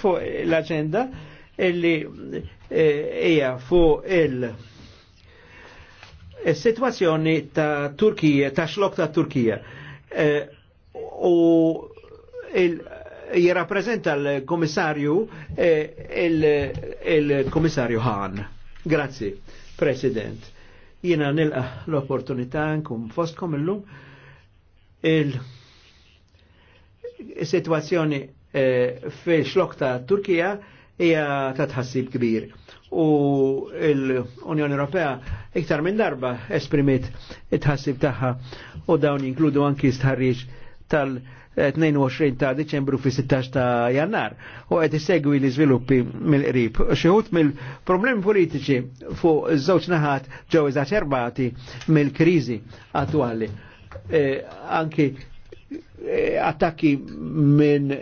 fuq l-agenda illi eh, hija fuq il- eh, Situazzjoni ta' Turkija, ta' xlok ta' Turkija. Eh, u jirrapprezenta l-komissarju il-komissarju Hahn. Grazzi, President. Jina nilqa l-opportunità nkun fostkom illum il-situazzjoni Eh, fi xlok ta' Turkija hija ta' tħassib kbir. U l-Unjoni Ewropea iktar minn darba esprimit it-tħassib tagħha u dawn jinkludu anki stħarriġ tal-22 ta' Deċembru fi 16 ta' Jannar u qed isegwi l iżviluppi mill-qrib. Xieħut mill-problemi politiċi fuq żewġ naħat ġew iżaċerbati mill-kriżi attwali. Eh, anki attakki minn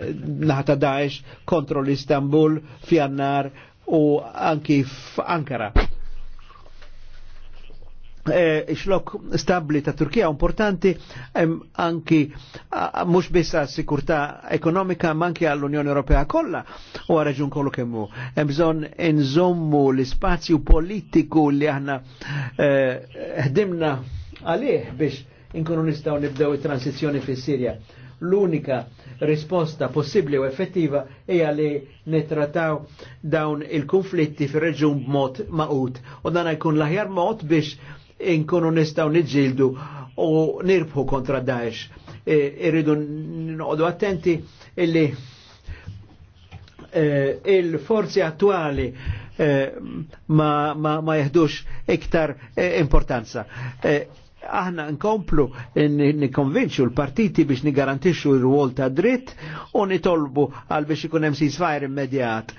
naħta Daesh kontro l-Istanbul, fjannar u anki f'Ankara. E, xlok stabli ta' Turkija importanti anki mux biss sikurta ekonomika manki għall-Unjoni Ewropea kolla u għarraġun kollu kemmu. Hemm bżonn l spazju politiku li aħna e, ħdimna għalih biex inkunu nistgħu nibdew it-transizjoni fis-Sirja. L-unika risposta possibbli u effettiva hija li nitrataw dawn il-konflitti fir-reġun b'mod maqut u dan jkun l-aħjar mod biex inkunu nistgħu niġġieldu u nirbħu kontra Daesh. E, irridu noqogħdu attenti illi e, il-forzi attuali e, ma, ma, ma jihdux iktar importanza aħna nkomplu nikonvinċu l-partiti biex nigarantixxu r wol ta' dritt u nitolbu għal biex ikun hemm ceasefire immedjat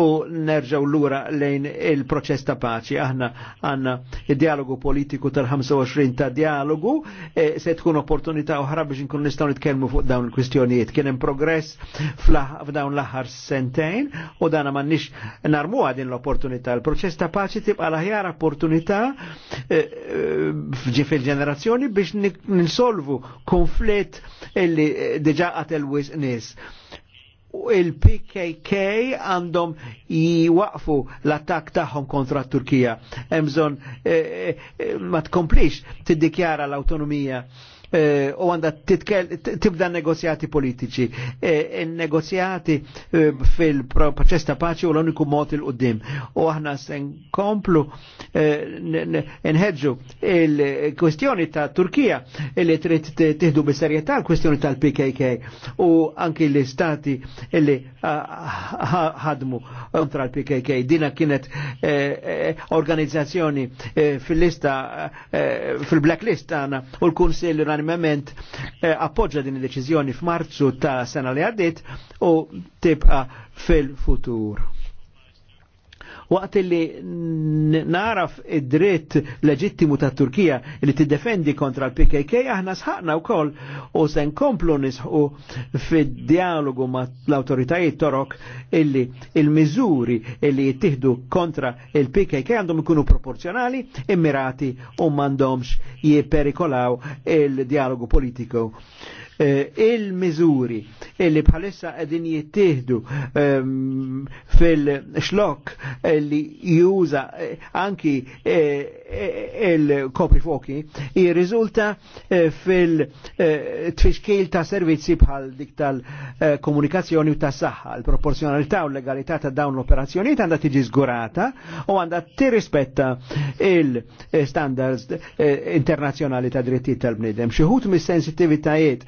u nerġgħu lura lejn il-proċess ta' paċi. Aħna għandna id-dialogu politiku tal-25 ta' dialogu e, se tkun opportunità oħra biex nkun nistgħu nitkellmu fuq dawn il-kwistjonijiet. Kien hemm progress f'dawn l-aħħar sentejn u dana m'għandniex narmu din l-opportunità. Il-proċess ta' paċi tibqa' l-aħjar opportunità e, e, il-ġenerazzjoni biex ninsolvu konflitt illi eh, diġa qatel wis Il-PKK għandhom jwaqfu l-attak tagħhom kontra Turkija. Hemm bżonn eh, eh, ma tkomplix tiddikjara l-awtonomija Eh, u għanda tibda negozjati politiċi. Eh, negozjati eh, fil-proċess ta' paċi u l-uniku mod il-qoddim. U għahna sen komplu nħedġu il-kwestjoni ta' Turkija li trid tiħdu bis-serjetà l-kwestjoni tal-PKK u anki l-istati li ah, ah, ah, ħadmu kontra l-PKK. Dina kienet organizzazzjoni fil-lista fil-blacklist għana u l-Kunsill kunsil fermement eh, appoġġa din id-deċiżjoni f'Marzu ta' sena li għaddiet u tibqa' fil-futur waqt li naraf id-dritt leġittimu ta' Turkija li tiddefendi kontra l-PKK aħna sħaqna wkoll u se nkomplu nisħu fid-dialogu ma' l-autoritajiet torok illi il-miżuri illi jittihdu kontra il-PKK għandhom ikunu proporzjonali, immirati u mandomx jiperikolaw il-dialogu politiku. Eh, il-miżuri illi bħalissa għedin jittihdu ehm, fil-xlok li juża eh, anki eh, il-kopri foki jirriżulta eh, fil eh, tfiskil ta' servizzi bħal dik tal-komunikazzjoni u tas saħħa. Il-proporzjonalità u legalità ta' dawn l-operazzjonijiet għandha tiġi żgurata u għandha tirrispetta il-standards eh, internazzjonali ta' drittijiet tal-bniedem. Xi wħud mis-sensitivitajiet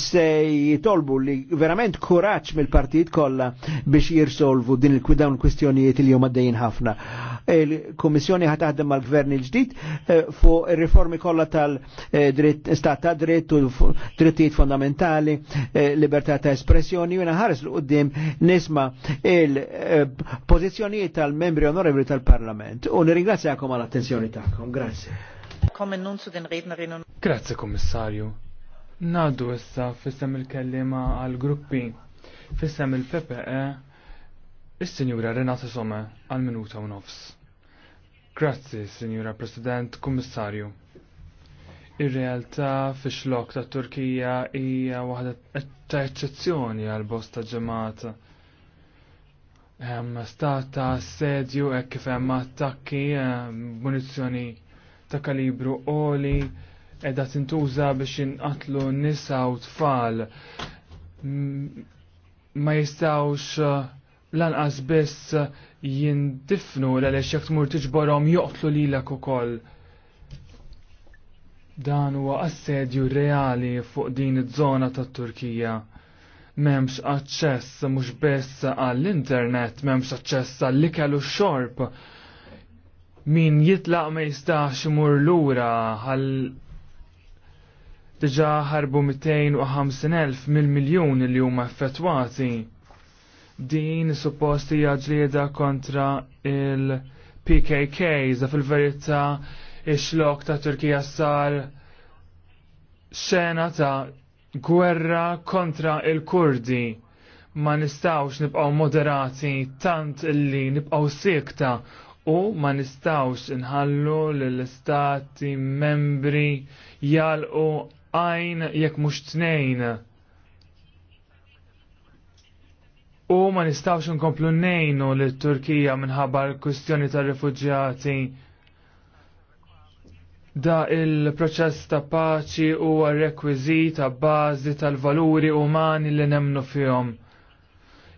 se jitolbu li verament kuraċ mill-partijiet kollha biex jirsolvu din il-kwidawn kwistjonijiet li huma għaddejjin ħafna il-Kummissjoni ħat taħdem mal-Gvern il-ġdid eh, fuq riformi kollha tal-stat eh, ta' dritt u drittijiet fondamentali, eh, libertà ta' espressjoni, u ħares l-qoddim nisma il-pożizzjonijiet tal-membri onorevoli tal-Parlament. U nirringrazzjakom għall-attenzjoni tagħkom. Grazie. Kommen Grazie, Kommissarju. Nadu issa fissem il-kellima għal-gruppi. Fissem il-PPE, il-Sinjura Renata Somme għal-minuta u nofs. Grazzi, Signora President, Kummissarju. Ir-realtà fix lok ta' Turkija hija waħda ta' eċċezzjoni għal bosta ġemata. Hemm stat ta' assedju hekk kif hemm attakki munizzjoni ta' kalibru oli edha tintuża biex inqatlu nisa u tfal ma jistgħux lanqas biss jindifnu l għaliex jekk tmur tiġborhom joqtlu lilek ukoll. Dan huwa assedju reali fuq din iż-żona tat-Turkija. M'hemmx aċċess mhux biss għall-internet, m'hemmx aċċess għall-ikel u x-xorb. Min jitlaq ma jistax imur lura għal diġa ħarbu 250.000 mil miljun li huma effettwati. Din supposti ġlieda kontra il-PKK, za fil verita ix-xlok ta' Turkija sar xena ta' gwerra kontra il-Kurdi. Ma nistawx nibqaw moderati tant illi nibqaw sikta u ma nistawx nħallu l-istati membri jalqu għajn jekk mux tnejn U ma nistawx nkomplu nejnu li Turkija minħabba l-kustjoni tal-refugjati da il-proċess ta' paċi u rekwizita bażi tal-valuri umani li nemnu fihom.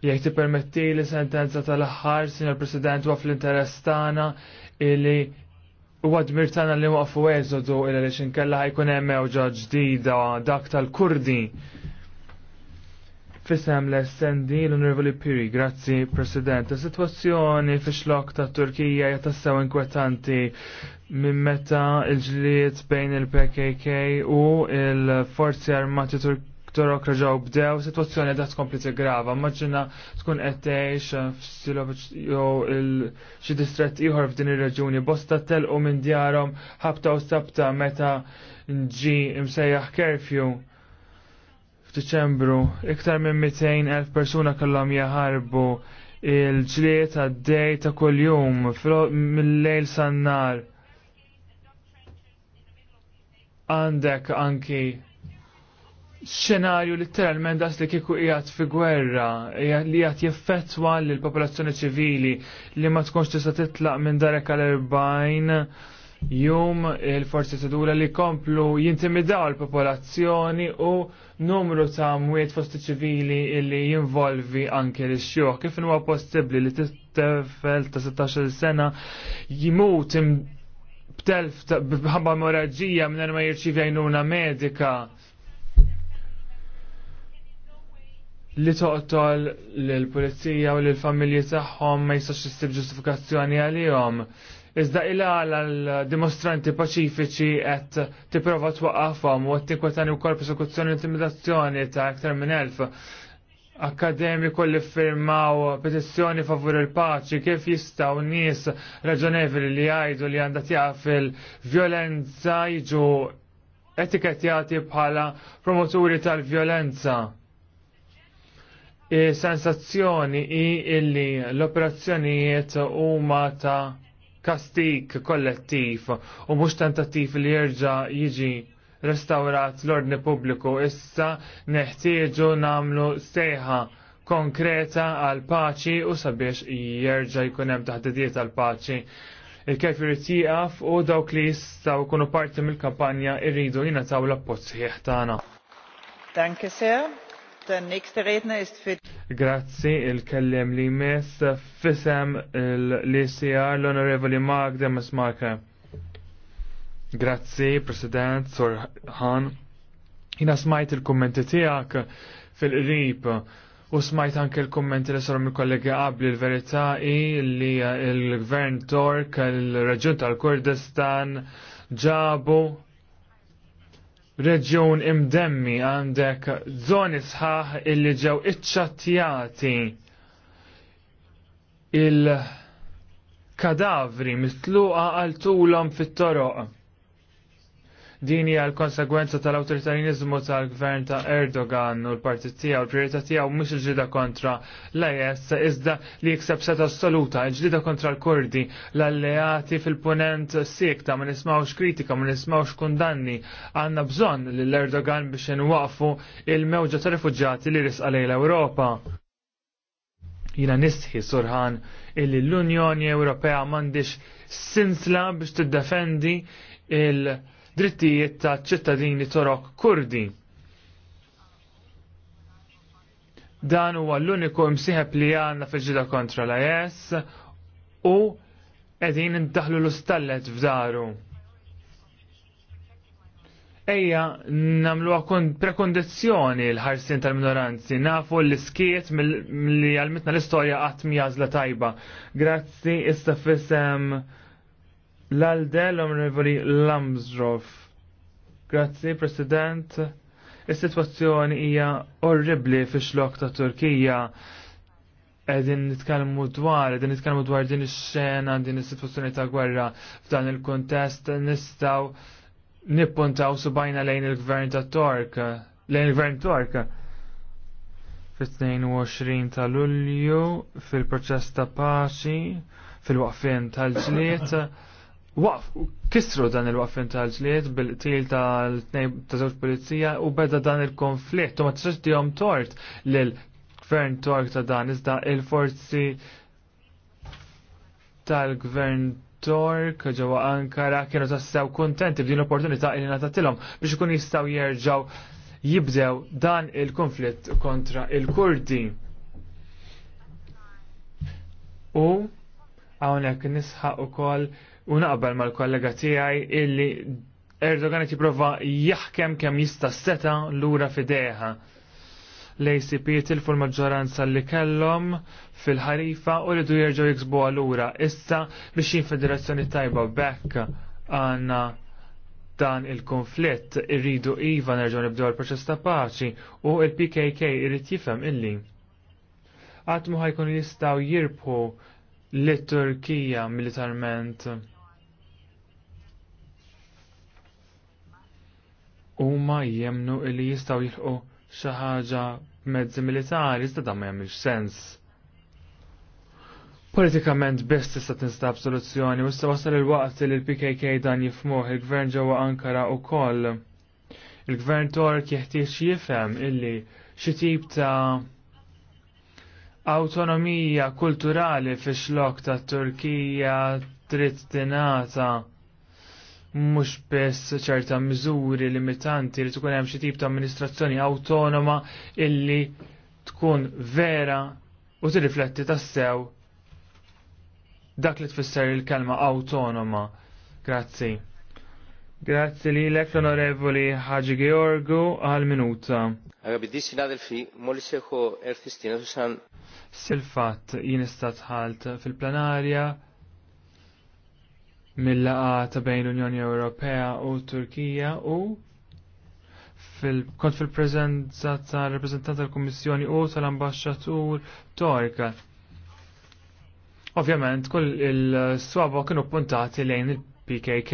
Jekk tippermetti li sentenza tal-aħħar, Sinjor President, waf fl-interess tagħna illi huwa għadmir tana li u eżodu illi li xinkella ħajkun hemm ewġa ġdida dak tal-Kurdi fissem l sendi l-Onorevoli Piri, grazzi President. Situazzjoni fi xlok ta' Turkija jatassaw inkwetanti minn meta il-ġliet bejn il-PKK u il-Forzi Armati Turkija torok raġaw bdew, situazzjoni da tkompli grava. Maġġina tkun għettejx jew xi distret ieħor f'din ir-reġuni bosta telqu minn djarhom ħabta u sabta meta nġi imsejjaħ kerfju F'Diċembru iktar minn 200,000 persuna kellhom jaħarbu il-ġliet għad-dej ta' kuljum mill-lejl sannar. Għandek anki xenarju literalment das li kiku jgħat fi gwerra, li jgħat jeffettwa l popolazzjoni ċivili li ma tkunx tista' titlaq minn darek għal erbajn jum il-forzi sedura li komplu jintimidaw l-popolazzjoni u numru ta' mwiet fosti ċivili li jinvolvi anke l xjuħ Kif huwa possibbli li tefel ta' 16 sena jimut b'telf bħabba moraġija minn ma jirċivi għajnuna medika li toqtol l-pulizija u l-familji tagħhom ma jistax jistib ġustifikazzjoni għalihom. Iżda ila għal-dimostranti paċifiċi għet tiprofa twaqqafam u għet tinkwetani u kol persekuzzjoni intimidazzjoni ta' aktar minn elf. Akademi li firmaw petizzjoni favur il-paċi kif jistaw nis raġonevoli li għajdu li għandat tjaf il-violenza jiġu etiketjati bħala promoturi tal-violenza. Sensazzjoni i illi l-operazzjonijiet huma ta' kastik kollettiv u mhux tentattiv li jerġa' jiġi restaurat l-ordni pubbliku issa neħtieġu namlu sejħa konkreta għal paċi u sabiex jerġa' jkun hemm taħdidiet għal paċi. il kef irid u dawk li jistgħu jkunu parti mill-kampanja irridu jingħataw l-appoġġ sħiħ tagħna. Danke sir. Der nächste Redner ist für Grazzi il-kellem li mess fisem l-ICR l-Onorevoli Magda Mesmaka. Grazzi, President, Sor Han. Jina smajt il-kommenti tijak fil-qrib u smajt anke il-kommenti li saru il kollegi għabli l-verità i li l-Gvern Tork, il-Reġjun tal-Kurdistan ġabu reġjun imdemmi għandek zoni sħaħ illi ġew iċċattjati il-kadavri mitluqa għal tulom fit-toroq Din hija l-konsegwenza tal-awtoritarjanizmu tal-gvern ta' Erdogan u l-partit tiegħu l-priorità tiegħu mhux il-ġlida kontra l-IS iżda li jikseb seta assoluta, il-ġlida kontra l-Kurdi, l-alleati fil-punent sikta ma nismawx kritika, ma nismawx kundanni. Għandna bżonn li l-Erdogan biex inwaqfu il-mewġa ta' rifuġġati li risqa lejn l-Ewropa jina nisħi surħan illi l-Unjoni Ewropea mandiċ sinsla biex tiddefendi il- drittijiet ta' ċittadini torok kurdi. Dan huwa l-uniku msieħeb li għandna fil-ġida kontra l-IS e u qegħdin ndaħlu l-ustallet f'daru. Ejja, namlu għakun prekondizjoni l-ħarsin tal-minoranzi, nafu l-iskiet mill-li għalmitna l-istorja għatmi għazla tajba. Grazzi, issa L-Alde l-Onorevoli Lamsdorf. Grazzi, President. Is-sitwazzjoni hija orribli fix-xlok ta' Turkija edin nitkellmu dwar, edin nitkellmu dwar din ix-xena, din is-sitwazzjoni ta' gwerra f'dan il-kontest nistgħu nippuntaw subajna lejn il-gvern ta' Tork, lejn il-gvern Tork. Fit-22 ta' Lulju fil-proċess ta' paċi fil-waqfien tal-ġliet waqf, kistru dan il-waqfin tal-ġlied bil til tal-żewġ polizija u beda dan il-konflitt u ma tistax dihom tort lill-gvern tort ta' dan iżda il-forzi tal-gvern tork ġewwa Ankara kienu tassew kuntenti b'din l-opportunità li natatilhom biex ikun jistgħu jerġgħu jibdew dan il-konflitt kontra il-Kurdi. U Hawnhekk nisħaq ukoll u naqbel mal-kollega tiegħi illi Erdogan qed jipprova jaħkem kemm jista' seta lura f'idejha. L-ACP tilfu l-maġġoranza li kellhom fil-ħarifa u ridu jerġgħu jiksbu lura. Issa biex federazzjoni tajba bekk għandna dan il-konflitt irridu iva nerġgħu nibdew il-proċess ta' paċi u l pkk irid jifhem illi. Għatmu ħajkun jistgħu jirbħu li Turkija militarment huma jemnu li jistgħu jilħqu xi ħaġa mezzi militari iżda dan ma jagħmilx sens. Politikament biss tista' tinstab soluzzjoni u issa wasal il-waqt li l-PKK dan jifmuh il-gvern ġewwa Ankara wkoll. Il-gvern Tork jeħtieġ jifhem illi xi tip ta' Autonomija kulturali fi xlok ta' Turkija trid tingħata mhux biss ċerta miżuri limitanti li tkun hemm xi tip ta' amministrazzjoni awtonoma illi tkun vera u tirrifletti tassew dak li tfisser il-kelma autonoma. Grazzi. Grazzi li l l-onorevoli Ħaġi Georgu għal-minuta. Αγαπητοί συνάδελφοι, μόλις έχω έρθει στην Silfat jinistat ħalt fil φιλπλανάρια mill-laqa ta' bejn l-Unjoni Ewropea u Turkija u kont fil-prezenza ta' reprezentant tal-Kummissjoni u tal-Ambasċatur Torka. Ovvjament, kull il swabo kienu puntati lejn il-PKK.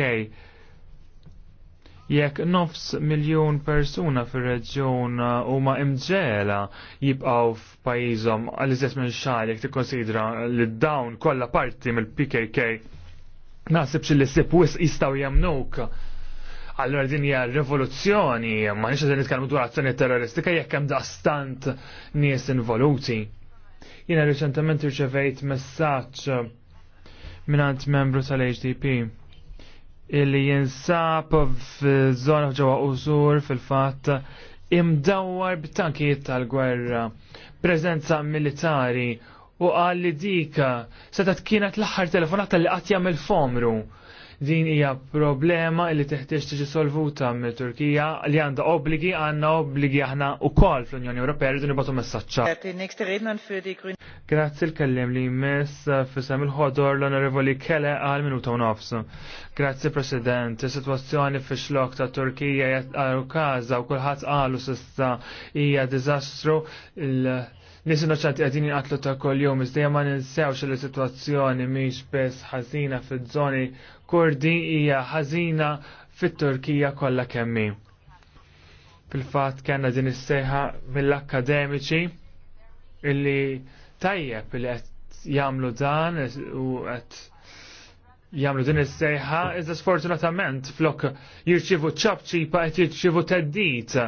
Jekk nofs miljun persuna fir-reġjun uh, huma imġela jibqgħu f'pajjiżhom għal iżess minn xahar jekk tikkonsidra li dawn kollha parti mill-PKK naħseb li sib wis jistgħu jemnuk. Allora din hija rivoluzzjoni, ma nix qed nitkellmu dwar azzjoni terroristika jekk hemm daqstant nies involuti. Jiena riċentement irċevejt messaġġ minn membru tal-HDP illi jinsab f'żona ġewwa użur fil-fatt imdawwar b'tankijiet tal-gwerra, preżenza militari u qal li dik seta' kienet l-aħħar telefonata li qatt jagħmel fomru Din hija problema li teħtieġ tiġi solvuta mill-Turkija li għandha obbligi għandna obbligi aħna wkoll fl-Unjoni Ewropea rridu nibgħatu messaġġa. Grazzi l-kellem li jmiss eh, fisem il-ħodor l-Onorevoli Kele għal minuta u nofs. Grazzi President, situazzjoni sitwazzjoni fix-xlok ta' Turkija u kaza u kulħadd qalu s'issa hija diżastru il- Nis innoċanti għedin jinqatlu ta' kol-jum, iżdejja ma ninsewx li situazzjoni miex bes ħażina fil-żoni Kordi hija ħażina fit-Turkija kollha kemmi. Fil-fatt kellna din is-sejħa mill-akademiċi illi tajjeb li qed jagħmlu dan u qed jagħmlu din is-sejħa iżda sfortunatament flok jirċivu ċabċipa qed jirċivu teddit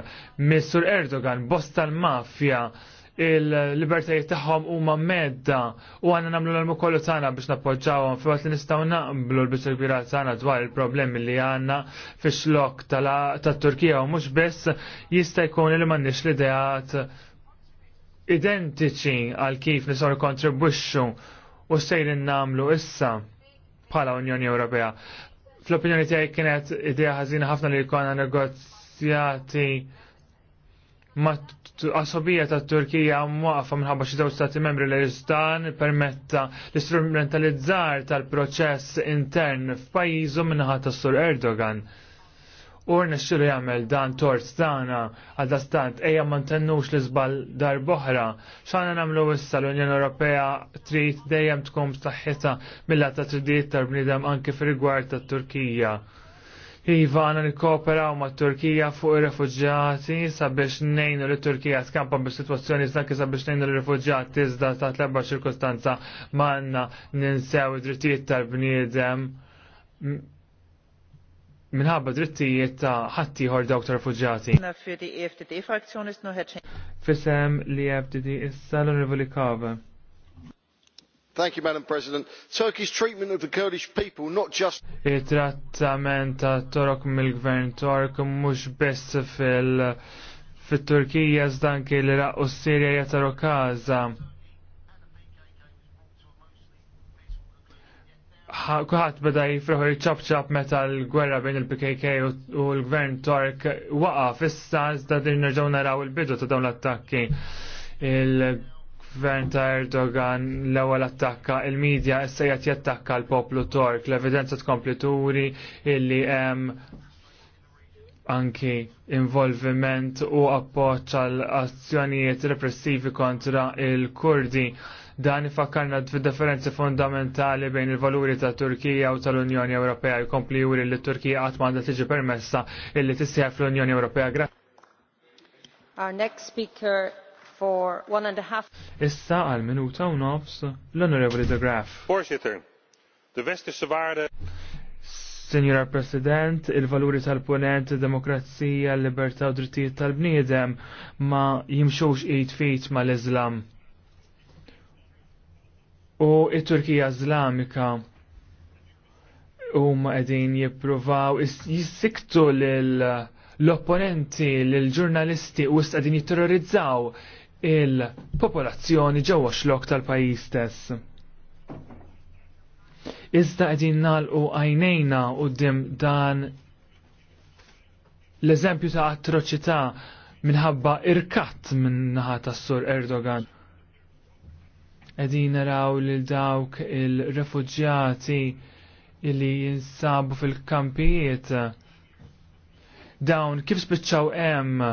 mis-Sur Erdogan bosta l-mafja il-libertajiet tagħhom huma medda u għandna nagħmlu l mu kollu tagħna biex nappoġġawhom fi li nistgħu naqblu l-biċċa kbira tagħna dwar il-problemi li għandna fix-xlok tat-Turkija u mhux biss jista' jkun li m'għandniex l-ideat identiċi għal kif nisor kontribwixxu u sejrin namlu issa bħala Unjoni Ewropea. Fl-opinjoni tiegħi kienet idea ħażina ħafna li jkollna negozjati ma qasobija ta' Turkija mwaqfa minħabba xi żewġ stati membri l istan permetta l-istrumentalizzar tal-proċess intern f'pajjiżu minħa ta' Sur Erdogan. U rnexxilu jagħmel dan tort tagħna għal stant ejja ma ntennux l dar boħra, X'għandna nagħmlu issa l-Unjoni Ewropea trid dejjem tkun b'saħħitha mill għata ta' tridiet tal-bniedem anke fir-rigward turkija Iva għana nikkooperaw ma' Turkija fuq ir-refugġati sabiex nejnu li Turkija skampa biex situazzjoni sakki sabiex nejnu li refugġati iżda ta' tlebba ċirkostanza ma' ninsew id-drittijiet tal-bniedem minħabba drittijiet ta' ħaddieħor dawk ta' refugġati. E Fisem li e FDD issa l-Onorevoli Kave madam president turkey's treatment of the kurdish people not just il trattament ta' torok mill-gvern tork mhux best fil fit-Turkija żdanki li raqqu s-Sirja jataru Gaza. Kuħat beda jifriħu jċabċab meta l-gwerra bejn il-PKK u l-gvern Tork waqaf issa zda din nerġgħu naraw il-bidu ta' dawn l-attakki. il gvern ta' Erdogan l-ewwel attakka il-medja issa qed jattakka l-poplu Tork. L-evidenza tkompli turi illi hemm anki involviment u appoġġ għal azzjonijiet repressivi kontra il-Kurdi. Dan ifakkarna differenzi fundamentali bejn il-valuri ta' Turkija u tal-Unjoni Ewropea jkompli juri li Turkija qatt m'għandha tiġi permessa illi tissieħ fl-Unjoni Ewropea. Our next speaker for one and a half. Issa għal minuta u nofs l-Onorevoli de Graaf. Voorzitter, de westerse waarden. Senjora President, il-valuri tal-ponent, demokrazija, libertà u drittijiet tal-bniedem ma jimxux id fit ma l-Islam. U it-Turkija Islamika u ma edin jipruvaw jissiktu l-opponenti, l-ġurnalisti u s-għadin jitterrorizzaw il-popolazzjoni ġewwa xlok tal-pajjiż stess. Iżda qegħdin nagħlqu għajnejna quddiem dan l-eżempju ta' atroċità minħabba irkat min naħa tas-sur Erdogan. Qegħdin naraw lil dawk il-refuġjati illi jinsabu fil-kampijiet dawn kif spiċċaw hemm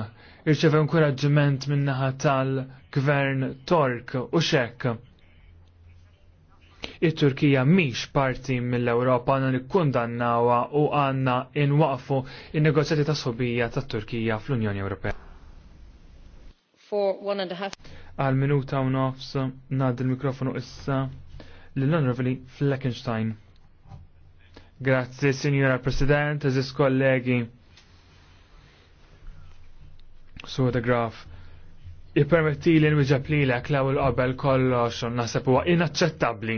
irċevew inkoraġġiment min-naħa tal-gvern Tork u xekk. Il-Turkija mhix parti mill-Ewropa li kundannawa u għandna inwaqfu il negozjati ta' sobija tat-Turkija fl-Unjoni Ewropea. Għal minuta u nofs nad il-mikrofonu issa l-Onorevoli Fleckenstein. Grazzi, Signora President, eżis kollegi the graph. Graf, permetti li nwiġab li l law qabel kollox u nasab huwa inaċċettabbli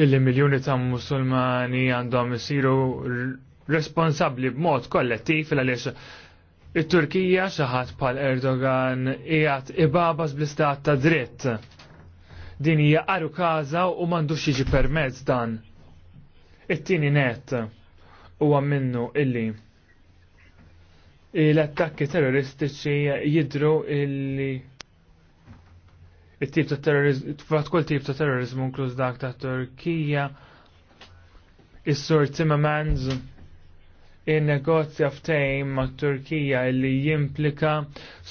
illi miljoni ta' musulmani għandhom isiru responsabli b'mod kollettiv għaliex it-Turkija xaħat pal Erdogan ijat ibabas bl-istat ta' dritt. Din hija qaru kaza u mandux jiġi permezz dan. It-tieni net huwa minnu illi l-attakki terroristiċi jidru illi il tip ta' terrorizmu, kull tip ta' terrorizmu inkluż dak ta' Turkija, is-sur Timmermans in-negozja ftejn ma' Turkija li jimplika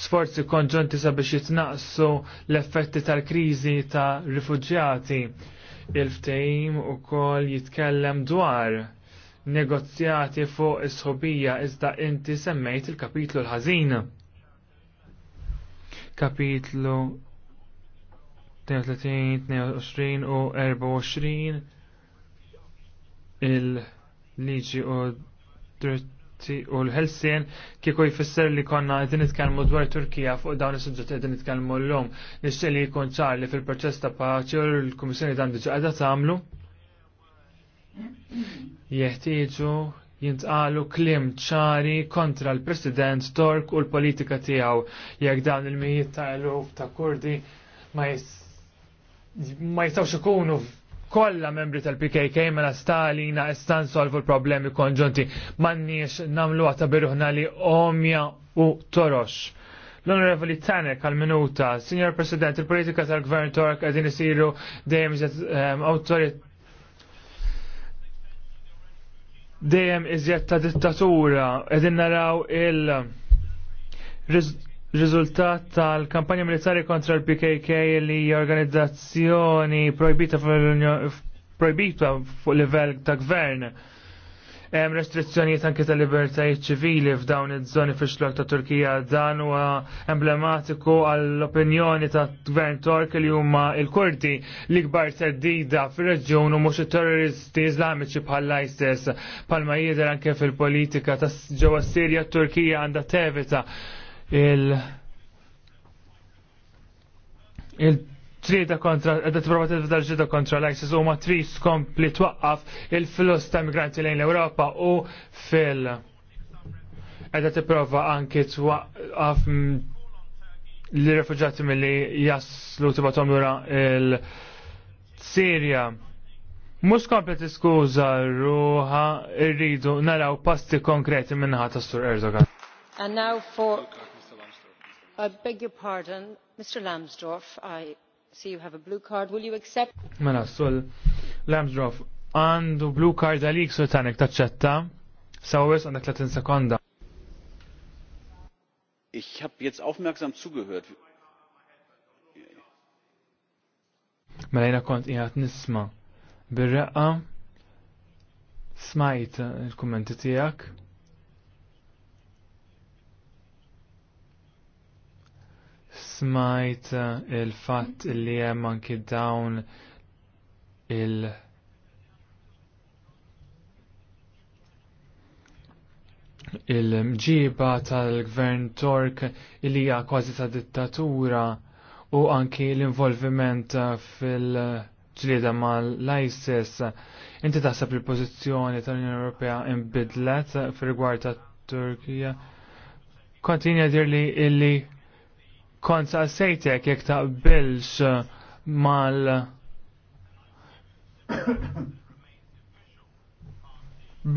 sforzi konġunti sabiex jitnaqsu l-effetti tal-kriżi ta' rifuġjati. Il-ftejm ukoll jitkellem dwar negozjati fuq is-sħobija iżda inti semmejt il-kapitlu l-ħażin. Kapitlu 32, 22 u 24 il-liġi u dritti u l-Helsien kieku jfisser li konna għedin nitkellmu dwar Turkija fuq dawn is-suġġetti qegħdin nitkellmu llum. Nixtieq li jkun ċarli li fil-proċess ta' paċi u l-Kummissjoni dan diġà qiegħda tagħmlu jeħtieġu jintqalu klim ċari kontra l-President Tork u l-politika tiegħu jekk dan il-mijiet ta' eluf ta' Kurdi ma jistawx ikunu kollha membri tal-PKK mela Stalina istan solvu l-problemi konġunti m'għandniex nagħmluha ta' biruħna li omja u torox. L-Onorevoli Tanek għal-minuta, Signor President, il-politika tal-Gvern Tork għedin isiru dejjem um, ehm, autorit dejjem iżjed ta' dittatura qegħdin naraw il riżultat tal-kampanja militari kontra l-PKK li organizzazzjoni projbita fuq livell ta' gvern Hemm restrizzjonijiet anke ta' libertajiet ċivili f'dawn iż-żoni fix-xlok ta' Turkija dan huwa emblematiku għall-opinjoni ta' gvern Tork li huma l-Kurdi li kbar teddida fir-reġjun u mhux it-terroristi Iżlamiċi bħal ISIS palma jidher anke fil-politika ta' ġewwa Sirja Turkija għandha tevita il- il trida kontra, edha t-prova t ġida kontra l-ISIS u ma kompli t twaqqaf il-flus ta' migranti lejn l-Europa u fil- edha t-prova anki twaqqaf l-refugġati mill-li jaslu tibatom jura il-Sirja. Mux t-skuza ruħa irridu naraw pasti konkreti minnaħa ta' Sur Erdogan. And now for, I beg your pardon, Mr. Lambsdorff, I see you have a blue card. Will you accept? Mela, sul Lamsdorf, għandu blue card għalik sultanek taċċetta. Sawers għandek 30 sekonda. Ich hab jetzt aufmerksam zugehört. Mela jena kont jgħat nisma. Bir-reqqa smajt il-kommenti tijak. smajt eh, il-fatt li hemm anki dawn il- il-mġiba tal-gvern Tork li hija kważi ta' dittatura u anki l-involviment eh, fil-ġlieda mal-ISIS. Inti taħseb il-pożizzjoni tal-Unjoni Ewropea imbidlet fir-rigward tat-Turkija. Kontinja dirli illi kont saqsejtek jekk taqbilx eh, mal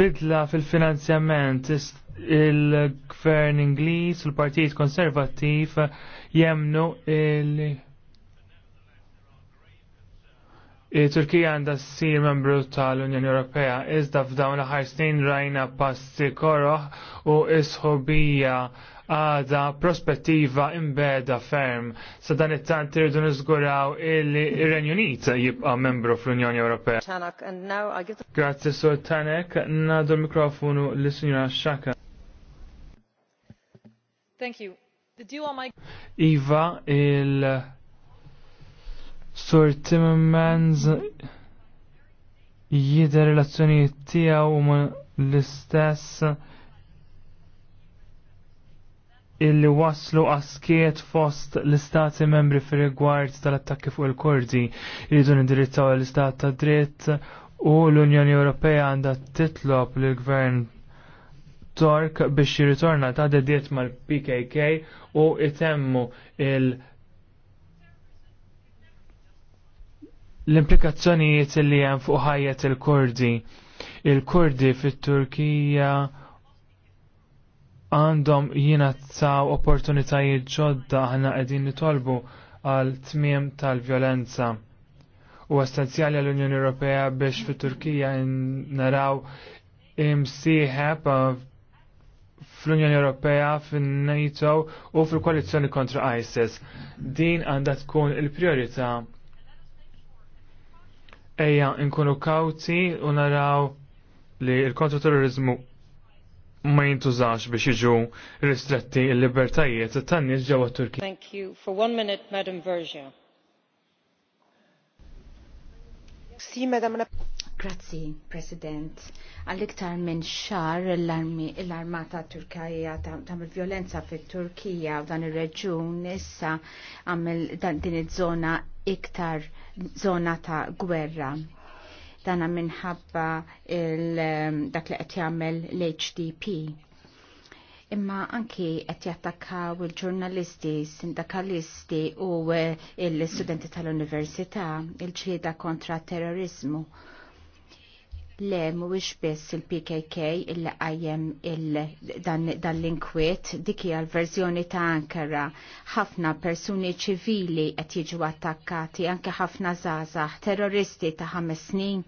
bidla fil-finanzjament il-gvern Ingliż u l-Partit Konservattiv jemnu il- Turkija għandha ssir membru tal-Unjoni Ewropea iżda f'dawn l ħar snin rajna passi koroħ u isħobija għada prospettiva imbeda ferm sa dan it-tant irridu niżguraw il-Renju Unit jibqa' membru fl-Unjoni Ewropea. Grazzi Sur Tanek, nadu l-mikrofonu li sinjora Shaka. Thank you. The deal on my... Iva, il... Sur Timmermans jider relazzjonijiet tiegħu l-istess illi waslu għaskiet fost l-istati membri fir rigward tal-attakki fuq il-Kurdi jridu indirizzaw l-istat ta' dritt u l-Unjoni Ewropea għandha titlob l gvern Tork biex jirritorna ta' dediet mal-PKK u itemmu il- l-implikazzjonijiet li hemm fuq ħajjet il-Kurdi. Il-Kurdi fit-Turkija għandhom jinazzaw opportunitajiet ġodda ħana qegħdin nitolbu għal tmiem tal-vjolenza. U essenzjali għall-Unjoni Ewropea biex fit-Turkija naraw imsieħeb uh, fl-Unjoni Ewropea, fin-NATO u fil-koalizzjoni kontra ISIS. Din għandha tkun il-priorità Ejja, nkunu kawti u naraw li l-kontraterrorizmu ma jintużax biex jiġu ristretti l-libertajiet tan-nies ġewwa Turkija. Thank you. For one minute, Madam Vergia. Grazzi, President. Għal iktar minn xar l-armata Turkija ta' il-violenza fit turkija u dan il-reġun issa għamil din iż-żona iktar zona ta' gwerra dana minħabba um, dak li qed jagħmel l-HDP. Imma anki qed jattakkaw il-ġurnalisti, sindakalisti u uh, l-studenti tal-università il ġieda kontra terrorizmu. terrorizmu Le, mhuwiex biss il-PKK illi qajjem dan l-inkwiet dik hija l-verżjoni ta' Ankara. Ħafna persuni ċivili qed jiġu attakkati, anke ħafna żgħażagħ, terroristi ta' ħames snin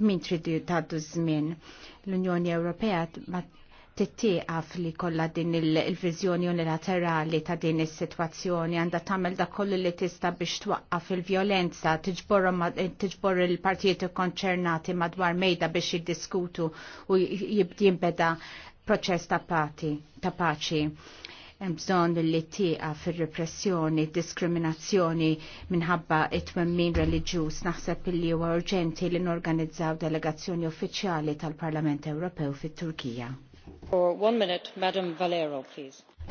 min tridu ta' żmien. L-Unjoni Ewropea tittieqaf li kollha din il-viżjoni unilaterali ta' din is-sitwazzjoni għandha tagħmel da kollu li tista' biex twaqqaf il-vjolenza, tiġbor il-partijiet konċernati madwar mejda biex jiddiskutu u jimbeda proċess ta' paċi hemm bżonn li tieqa fir-repressjoni, diskriminazzjoni minħabba it-twemmin reliġjuż naħseb li huwa urġenti li norganizzaw delegazzjoni uffiċjali tal-Parlament Ewropew fit-Turkija. Valero,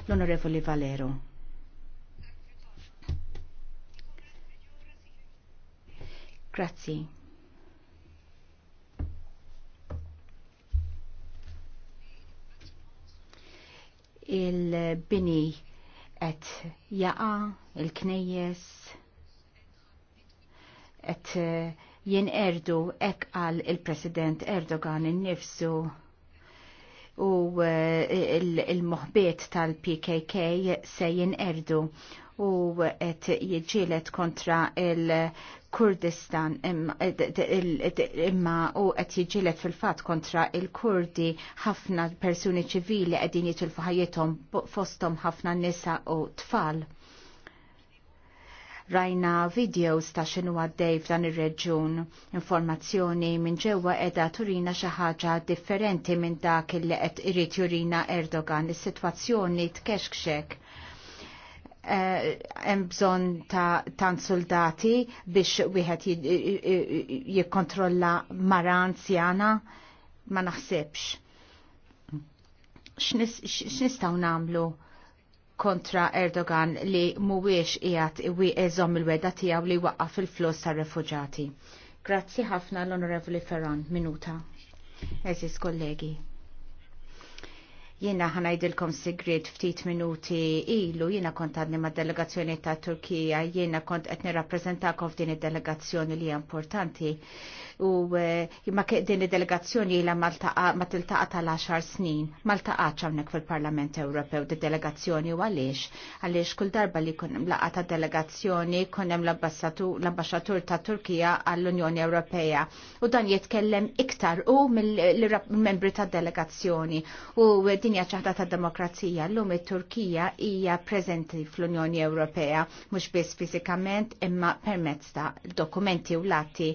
L'Onorevole Valero. Il-bini et jaqa, il-knejjes, et jinqerdu ek għal il-President Erdogan innifsu. Il u eh, il-moħbiet tal-PKK se jinqerdu u qed jiġġieled kontra il-Kurdistan imma u qed jiġġieled fil-fatt kontra il-Kurdi ħafna persuni ċivili qegħdin jitilfu ħajjithom fosthom ħafna nisa u tfal rajna videos ta' xinu għaddej f'dan ir-reġjun. Informazzjoni minn ġewwa edha turina xi ħaġa differenti minn dak li qed irid jurina Erdogan. Is-sitwazzjoni tkexkxek eh, hemm uh, bżonn ta' tant soldati biex wieħed jikkontrolla mara anzjana ma naħsibx. X'nistgħu nagħmlu? kontra Erdogan li mhuwiex qiegħed eżom il-weda tiegħu li waqqaf il-flus tar-refuġati. Grazzi ħafna l-Onorevoli Ferran, minuta. Eżis kollegi. Jiena ħanajdilkom sigrid ftit minuti ilu, jiena kont għadni ma' delegazzjoni ta' Turkija, jiena kont qed rappresentakom f'din id-delegazzjoni li hija importanti u e, ma din id-delegazzjoni Malta ma tiltaqa tal-10 snin. Maltaqa ċawnek fil-Parlament Ewropew di delegazzjoni u għalix. Għalix kull darba li kunem laqa ta' delegazzjoni kunem l-ambasġatur ta' Turkija għall-Unjoni Ewropea. u dan jitkellem iktar u mill-membri ta' delegazzjoni u dinja ċaħda ta' demokrazija l it-Turkija hija prezenti fl-Unjoni Ewropea mhux biss fiżikament imma permezz ta' dokumenti u lati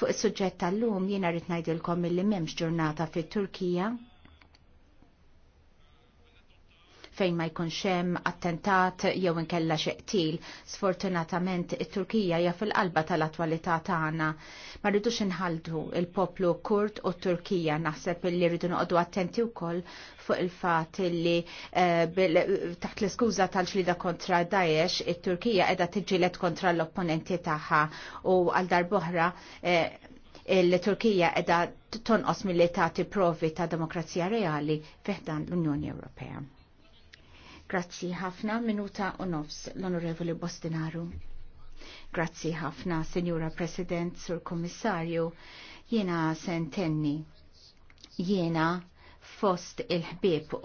Fuq is-suġġett tal-lum jiena rrid ngħidilkom milli m'hemmx ġurnata fit-Turkija fejn ma jkunx hemm attentat jew inkella xi qtil. Sfortunatament it-Turkija hija fil-qalba tal-attwalità tagħna. Ma rridux inħaldu il-poplu Kurd u Turkija naħseb li rridu noqogħdu attenti wkoll fuq il-fatt li eh, taħt l-iskuża tal-ġlida kontra Daesh, it-Turkija qiegħda tiġġieled kontra l-opponenti tagħha u għal darboħra eh, il-Turkija edha tonqos mill tagħti provi ta' demokrazija reali fiħdan l-Unjoni Ewropea. Grazzi ħafna minuta u nofs l-Onorevoli Bostinaru. Grazzi ħafna, Senjura President, Sur Kommissarju, jena sentenni, jena fost il-ħbib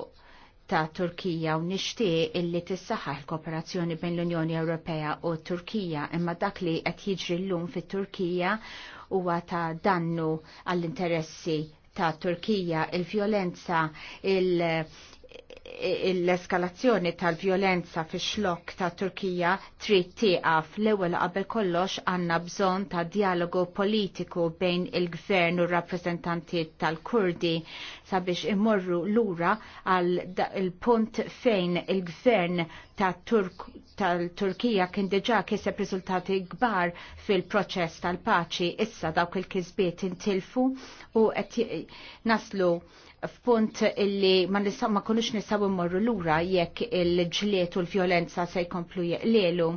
ta' Turkija u nixtieq illi tissaħħaħ l-kooperazzjoni bejn l-Unjoni Ewropea u Turkija imma dak li qed jiġri llum fit-Turkija huwa ta' dannu għall-interessi ta' Turkija il-vjolenza il-, -violenza, il l-eskalazzjoni tal-violenza fi xlok ta' Turkija trid tieqaf l-ewwel qabel kollox għandna bżonn ta' dialogu politiku bejn il-gvern u rappreżentanti tal-Kurdi sabiex immorru lura għal il-punt fejn il-gvern tal-Turkija kien diġà kiseb riżultati kbar fil-proċess tal-paċi issa dawk il-kisbiet intilfu u qed naslu f'punt illi ma nisa ma konux nisaw immorru lura jekk il-ġliet u l-violenza se jkomplu jeqlielu.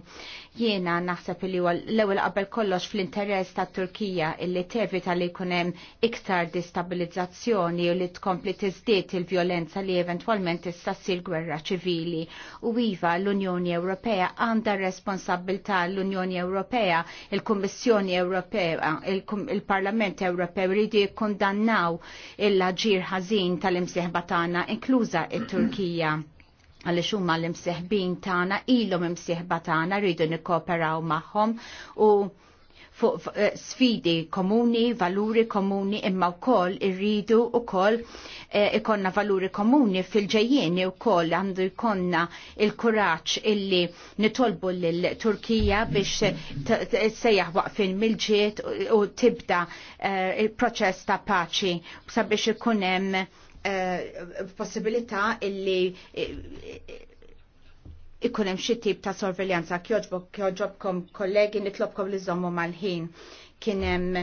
Jiena naħseb li l-ewwel qabel kollox fl-interess ta' Turkija illi tevita li jkun hemm iktar destabilizzazzjoni u li tkompli tiżdied il-violenza li eventwalment issa ssir gwerra ċivili. U iva l-Unjoni Ewropea għandha responsabilità l-Unjoni Ewropea, il-Kummissjoni Ewropea, il-Parlament Ewropew rridu jikkundannaw il-ġir ħażin ħażin tal-imsieħba tagħna inkluża it-Turkija għalli xumma l-imsieħbin tagħna ilhom imsieħba tagħna rridu nikkooperaw magħhom u fuq eh, sfidi komuni, valuri komuni, imma wkoll irridu wkoll koll eh, ikonna valuri komuni fil u wkoll għandu ikonna il-kuraġġ illi nitolbu lill-Turkija biex sejjaħ waqfin milġiet ġiet u tibda eh, il-proċess ta' paċi sabiex ikun hemm possibilità illi ikun hemm xi tip ta' sorveljanza kjoġobkom kollegi nitlobkom li żommu mal-ħin kien hemm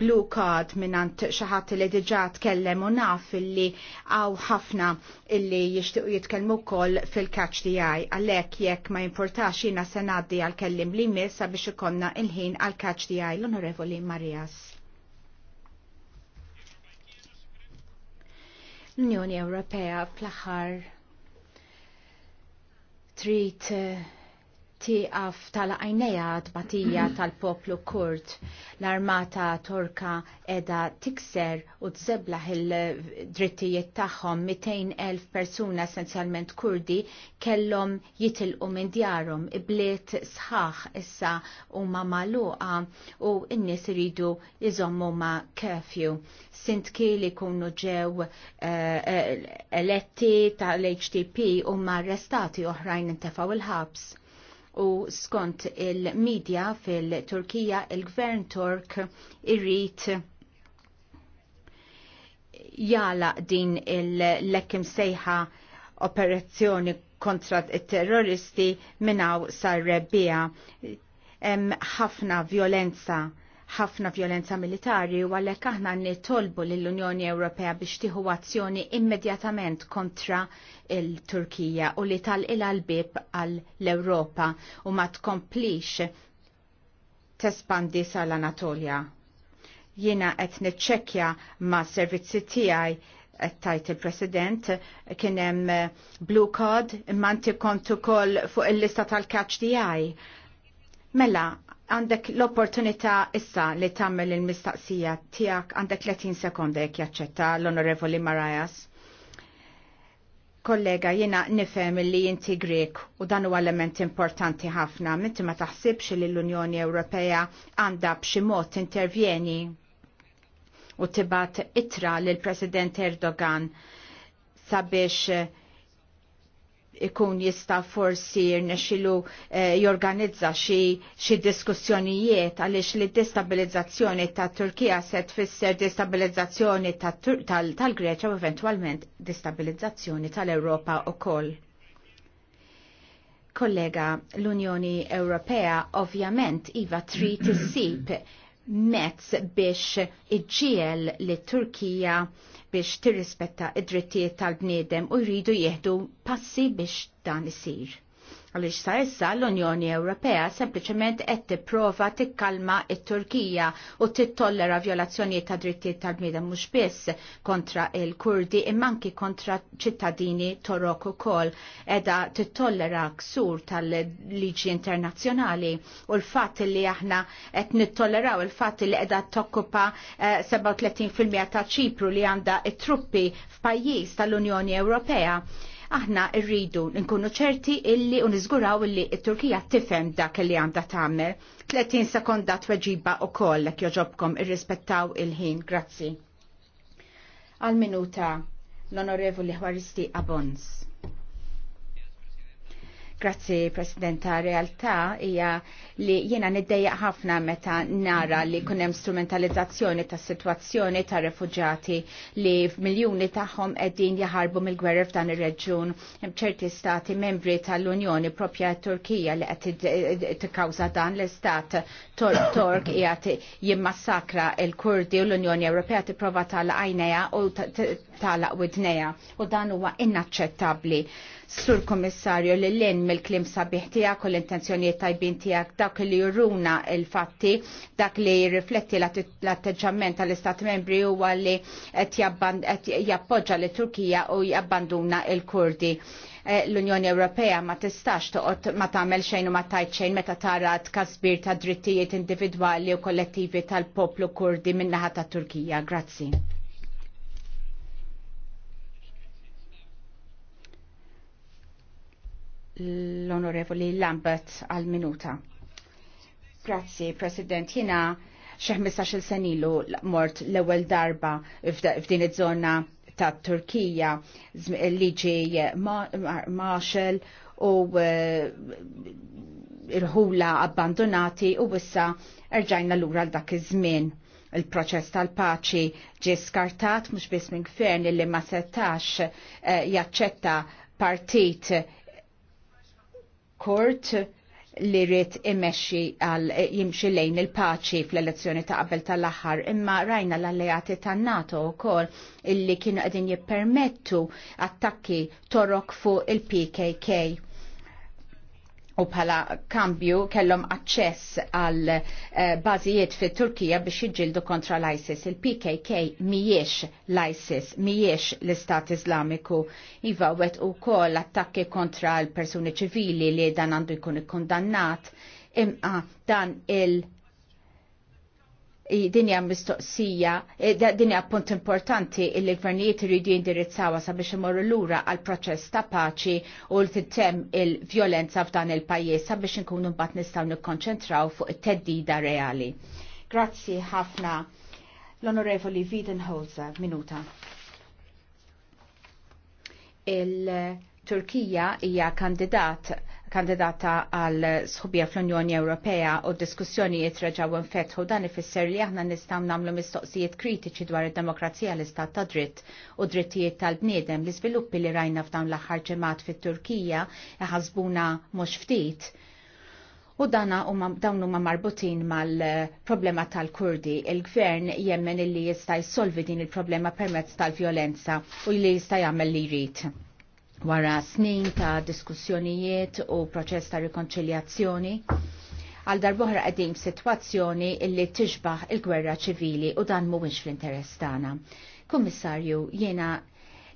blue card minant xi ħadd li diġà tkellem u naf illi għaw ħafna illi jixtiequ jitkellmu wkoll fil-catch di għaj għalhekk jekk ma jimportax jiena se ngħaddi għal kellim li miss sabiex ikonna il-ħin għal catch di għaj l-Onorevoli Marias. L-Unjoni Ewropea fl-aħħar trid tiqaf tal ajneja tbatija mm-hmm. tal-poplu Kurt, L-armata torka edha tikser u tżebla il-drittijiet tagħhom 200.000 persuna essenzjalment kurdi kellhom jitilqu minn djarhom ibliet sħaħ issa huma magħluqa u n-nies iridu iżommu ma' Sint Sintki li kunu ġew eh, eh, eletti tal-HTP huma arrestati oħrajn intefaw il-ħabs u skont il-medja fil-Turkija il-gvern Turk irrit jala din il-lekkim sejħa operazzjoni kontra terroristi minnaw sarrebbija rebbija ħafna violenza ħafna violenza militari u għalhekk aħna nitolbu lill-Unjoni Ewropea biex tieħu azzjoni immedjatament kontra il-Turkija u li tal-ila l-bib għall-Ewropa u ma tkomplix tespandi sal-Anatolja. Jiena qed niċċekkja ma' servizzi tiegħi tajt il-President, kienem eh, Blue Card, imma inti kontu kol fuq il-lista tal-Catch DI. Mela, għandek l-opportunità issa li tammel il-mistaqsija tijak għandek 30 sekonda jek jaċċetta l-Onorevoli Marajas. Kollega, jena nifem li jinti Grek u dan u element importanti ħafna, minti ma taħsibx li l-Unjoni Ewropea għanda b'xi mod intervjeni u tibat itra l-President Erdogan sabiex ikun jista forsi jirnexilu eh, jorganizza xi diskussjonijiet għaliex li destabilizzazzjoni ta' Turkija se tfisser destabilizzazzjoni tal-Greċa u eventualment destabilizzazzjoni tal-Ewropa wkoll. Kollega, l-Unjoni Ewropea ovvjament iva trid issib mezz biex iġġiel li Turkija biex tirrispetta id-drittijiet tal-bniedem u jridu jieħdu passi biex dan isir għaliex sa issa l-Unjoni Ewropea sempliċement qed tipprova tikkalma it-Turkija u tittollera violazzjonijiet ta' drittijiet tal-bniedem mhux biss kontra il-Kurdi imma anki kontra ċittadini Torok ukoll edha tittollera ksur tal-liġi internazzjonali u l-fatt li aħna qed nittolleraw il-fatt li qiegħda tokkupa 37% eh, ta' Ċipru li għandha it-truppi f'pajjiż tal-Unjoni Ewropea Aħna rridu nkunu ċerti illi u niżguraw illi il turkija tifhem dak li għandha tagħmel. 30 sekonda tweġiba u kollek joġobkom irrispettaw il-ħin. Grazzi. Għal minuta l-Onorevoli Hwaristi Abons. Grazzi, Presidenta. Realtà hija li jiena niddejjaq ħafna meta nara li kunem strumentalizzazzjoni ta' situazzjoni ta' refugjati li miljoni tagħhom qegħdin jaħarbu mill-gwerra f'dan ir-reġjun. Hemm ċerti stati membri tal-Unjoni propja Turkija li qed tikkawża dan l-istat Tork Tork hija jimmassakra l-Kurdi u l-Unjoni Ewropea tipprova tal-għajnejha u tal-widnejha u dan huwa inaċċettabbli. Sur Komissarju li l-in mill-klim sabiħ tijak u l-intenzjoniet tajbin tijak dak li jurruna il-fatti dak li jirrifletti l-atteġġament tal-Istat membri u għalli jappoġġa li Turkija u jabbanduna il-Kurdi eh, l-Unjoni Ewropea ma tistax toqgħod ma tagħmel xejn u ma tajt xejn meta tara tkasbir ta' drittijiet individwali u kollettivi tal-poplu kurdi min-naħa tat Turkija. Grazzi. l-Onorevoli Lambert għal-minuta. Grazzi, President. Jina xeħmisax il-senilu mort l-ewel darba f'din iż-żona ta' Turkija, liġi Marshall u eh, irħula abbandonati u wissa erġajna l-ura l-dak iż-żmien. Il-proċess tal-paċi ġie skartat mhux biss minn gvern li ma setax eh, jaċċetta partit kort li rrit imesċi għal jimxi lejn il-paċi fl-elezzjoni ta' qabel tal-aħħar imma rajna l-alleati tan-NATO wkoll illi kienu qegħdin jippermettu attakki torok fuq il-PKK u bħala kambju kellhom aċċess għal eh, bażijiet fit turkija biex jiġġieldu kontra l-ISIS. Il-PKK mhijiex l-ISIS, mhijiex l-Istat Islamiku. Iva wet ukoll attakki kontra l-persuni ċivili li dan għandu jkun ikkondannat. imqa dan il- dinja mistoqsija, e, dinja punt importanti il gvernijiet iridu jindirizzawa sabiex imorru lura għal proċess ta' paċi u l-tittem il-violenza f'dan il-pajjiż sabiex nkunu mbagħad nistgħu nikkonċentraw fuq it-teddida reali. Grazzi ħafna l-Onorevoli Widenholzer, minuta. Il-Turkija hija kandidat kandidata għal sħubija fl-Unjoni Ewropea u diskussjonijiet reġaw infetħu dan ifisser li aħna nistgħu nagħmlu mistoqsijiet kritiċi dwar id-demokrazija l-istat ta' dritt u drittijiet tal-bniedem li sviluppi li rajna f'dawn l-aħħar ġimgħat fit-Turkija ħasbuna mhux ftit. U dana u dawn huma marbutin mal-problema tal-Kurdi. Il-gvern jemmen illi jista' jsolvi din il-problema permezz tal-vjolenza u li jista' jagħmel li jrid wara snin ta' diskussjonijiet u proċess ta' rikonċiljazzjoni għal darbohra għedim situazzjoni illi tiġbaħ il-gwerra ċivili u dan mhuwiex fl-interess tagħna. Kummissarju, jiena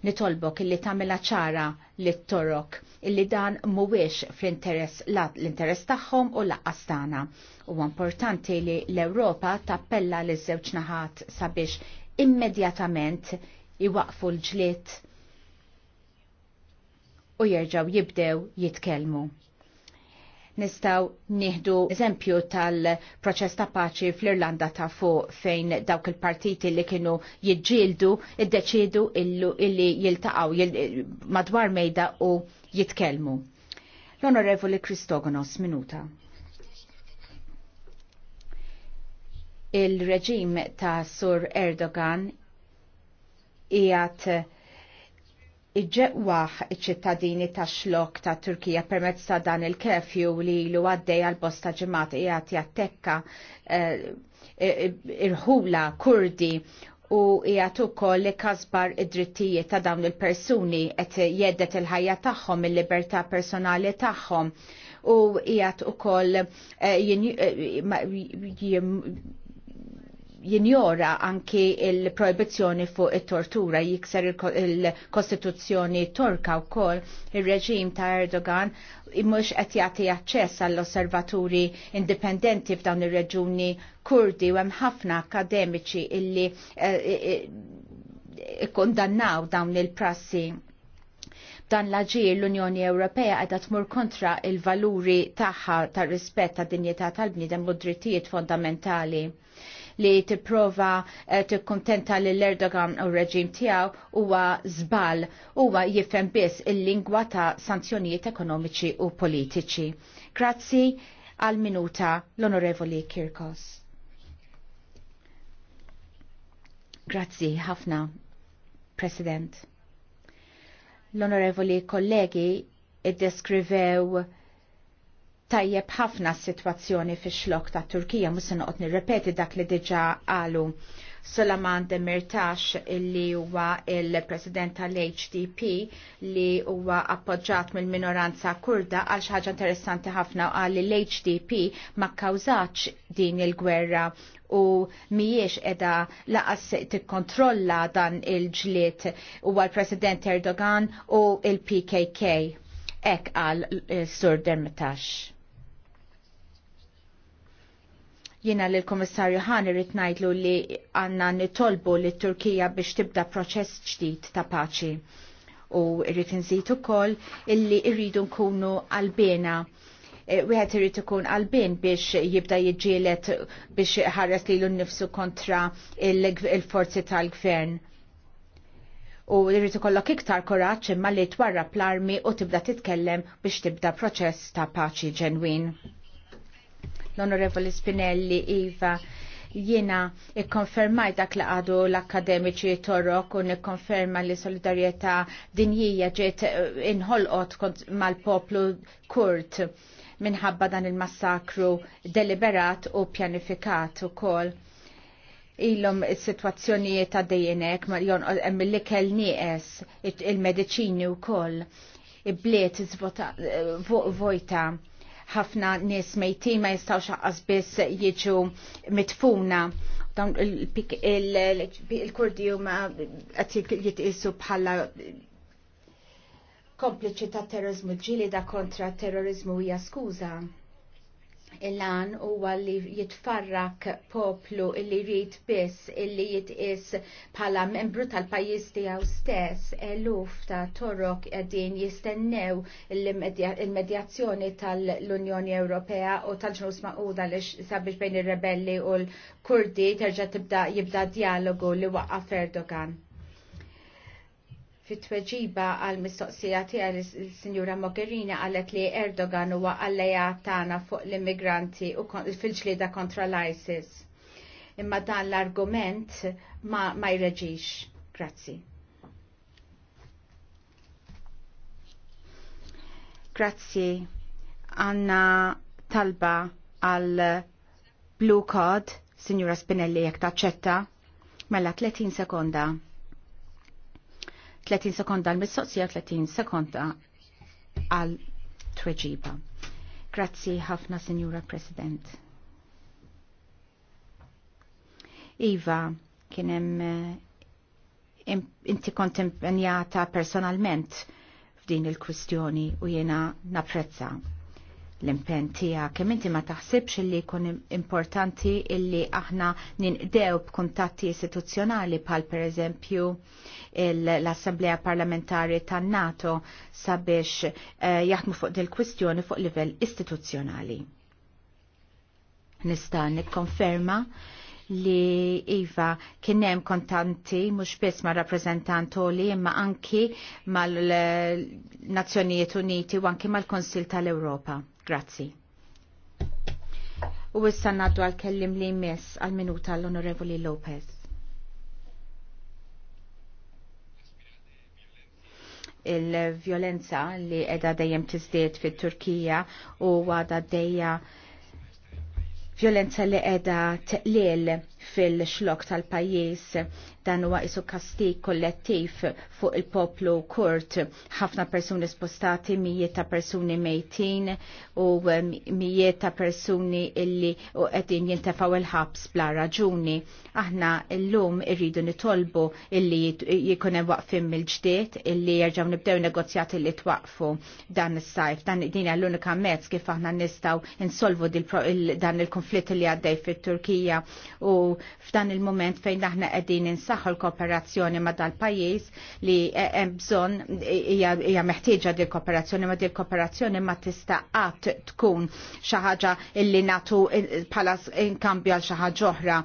nitolbok illi tagħmilha ċara li torok illi dan mhuwiex fl-interess l-interess tagħhom u laqqas tagħna. Huwa importanti li l-Ewropa tappella liż żewġ naħat sabiex immedjatament iwaqfu l-ġlied u jerġaw jibdew jitkellmu. Nistaw nieħdu eżempju tal-proċess ta' paċi fl-Irlanda ta' fuq fejn dawk il-partiti li kienu jidġildu iddeċidu illi jiltaqaw madwar mejda u jitkellmu. L-Onorevoli Kristogonos minuta. il-reġim ta' Sur Erdogan ijat waħ iċ-ċittadini ta' xlok ta' Turkija permezz ta' dan il-kefju li lu għaddej għal-bosta ġemat jgħat jattekka eh, eh, eh, irħula kurdi u jgħat ukoll li kasbar id-drittijiet ta' dawn il-persuni qed jeddet il-ħajja tagħhom il-libertà personali tagħhom u jgħat ukoll jinjora anki il-proibizjoni fuq it-tortura jikser il-Kostituzzjoni Torka u kol il-reġim ta' Erdogan imux qed jagħti aċċess għall-osservaturi indipendenti f'dawn ir-reġuni kurdi u hemm ħafna akademiċi illi eh, eh, kondannaw dawn il-prassi dan l-aġir l-Unjoni Ewropea għedha tmur kontra il-valuri tagħha tar-rispett tad-dinjità tal-bniedem u d-drittijiet fondamentali li tipprova eh, tikkuntenta l Erdogan u reġim tiegħu huwa żball huwa jifhem biss il-lingwa ta' sanzjonijiet ekonomiċi u politiċi. Grazzi għal minuta l-Onorevoli Kirkos. Grazzi ħafna, President. L-Onorevoli kollegi id-deskrivew tajjeb ħafna s-situazzjoni fi xlok ta' Turkija, mus noqot nirrepeti dak li diġa għalu. Solaman Demirtax li huwa il-president tal-HDP li huwa appoġġat mill-minoranza kurda għal ħaġa interessanti ħafna għal l-HDP ma kkawżax din il-gwerra u miex edha laqas tikkontrolla dan il-ġliet huwa l-President Erdogan u il-PKK. Ek għal eh, Sur Demirtax. Jiena l komissarju ħan irrit ngħidlu li għandna nitolbu li Turkija biex tibda proċess ġdid ta' paċi. U irrit nżid ukoll illi rridu nkunu għalbena e, wieħed irid ikun qalbin biex jibda jiġielet biex ħares lilu nnifsu kontra il-forzi tal-gvern. U jrid ikollok iktar koraġġ imma li twarra pl-armi u tibda titkellem biex tibda proċess ta' paċi ġenwin l-Onorevoli Spinelli Iva jiena ikkonfermaj dak li għadu l-akademiċi torok u nikkonferma li solidarieta dinjija ġiet eh, inħolqot mal-poplu kurt minħabba dan il-massakru deliberat u pjanifikat u kol ilhom is-sitwazzjonijiet ta' dejjenek jon l-ikel nieqes il-mediċini wkoll il-bliet eh, vojta ħafna nies mejti ma jistgħux x'aqqas biss jiġu mitfuna dawn il-kurdi huma uh, qed jitqisu bħala kompliċi ta' terrorizmu ġili da kontra terrorizmu hija skuża il lan huwa li jitfarrak poplu illi jrid biss illi jitqis bħala membru tal-pajjiż tiegħu stess eluf ta' torok qegħdin jistennew il-medjazzjoni tal-Unjoni Ewropea u tal-ġnus maquda li sabiex bejn ir-rebelli u l-Kurdi terġa' tibda jibda dialogu li waqa' Erdogan fit-tweġiba għal mistoqsija tiegħi l-Sinjura Mogherini qalet li Erdogan huwa alleja tagħna fuq l-immigranti u fil-ġlieda kontra l-ISIS. Imma dan l-argument ma, jreġix. Grazzi. Grazzi. Anna talba għal Blue Card, Sinjura Spinelli, jek taċċetta, mela 30 sekonda. 30 sekonda għal-mistoqsija, 30 sekonda għal-tweġiba. Grazzi ħafna, Signora President. Iva, kienem eh, inti kontempenjata personalment f'din il-kwistjoni u jena napprezza l-impen tija, kem inti ma taħsibx li jkun importanti illi aħna ninqdew b'kuntatti istituzzjonali pal per eżempju l-Assemblea Parlamentari tan-NATO sabiex eh, jaħdmu fuq del kwistjoni fuq livell istituzzjonali. Nista' nikkonferma li Iva kienem kontanti mux biss ma' rappresentantoli imma anki mal-Nazzjonijiet Uniti u anki mal-Konsil tal-Europa. Grazzi. U issa naddu għal-kellim li jmiss għal-minuta l-Onorevoli Lopez. il-violenza li edha dejjem tizdiet fit-Turkija u għada dejja violenza li edha teqlil fil-xlok tal-pajis dan huwa isu kastik kollettiv fuq il-poplu kurt. Ħafna persuni spostati, mijiet ta' persuni mejtin u um, mijiet ta' persuni illi u qegħdin jintefaw il-ħabs bla raġuni. Aħna llum irridu nitolbu illi jkun hemm waqfim mill-ġdiet illi jerġgħu nibdew negozjati li twaqfu dan is-sajf. Dan din l-unika mezz kif aħna nistgħu insolvu dan il-konflitt li għaddej fit-Turkija u f'dan il-moment fejn aħna qegħdin insaħ nsaħħu l-kooperazzjoni ma' dal-pajjiż li hemm eh, eh, bżonn hija meħtieġa dil kooperazzjoni ma' dil kooperazzjoni ma tista' qatt tkun xi ħaġa illi natu bħala inkambju għal xi ħaġa oħra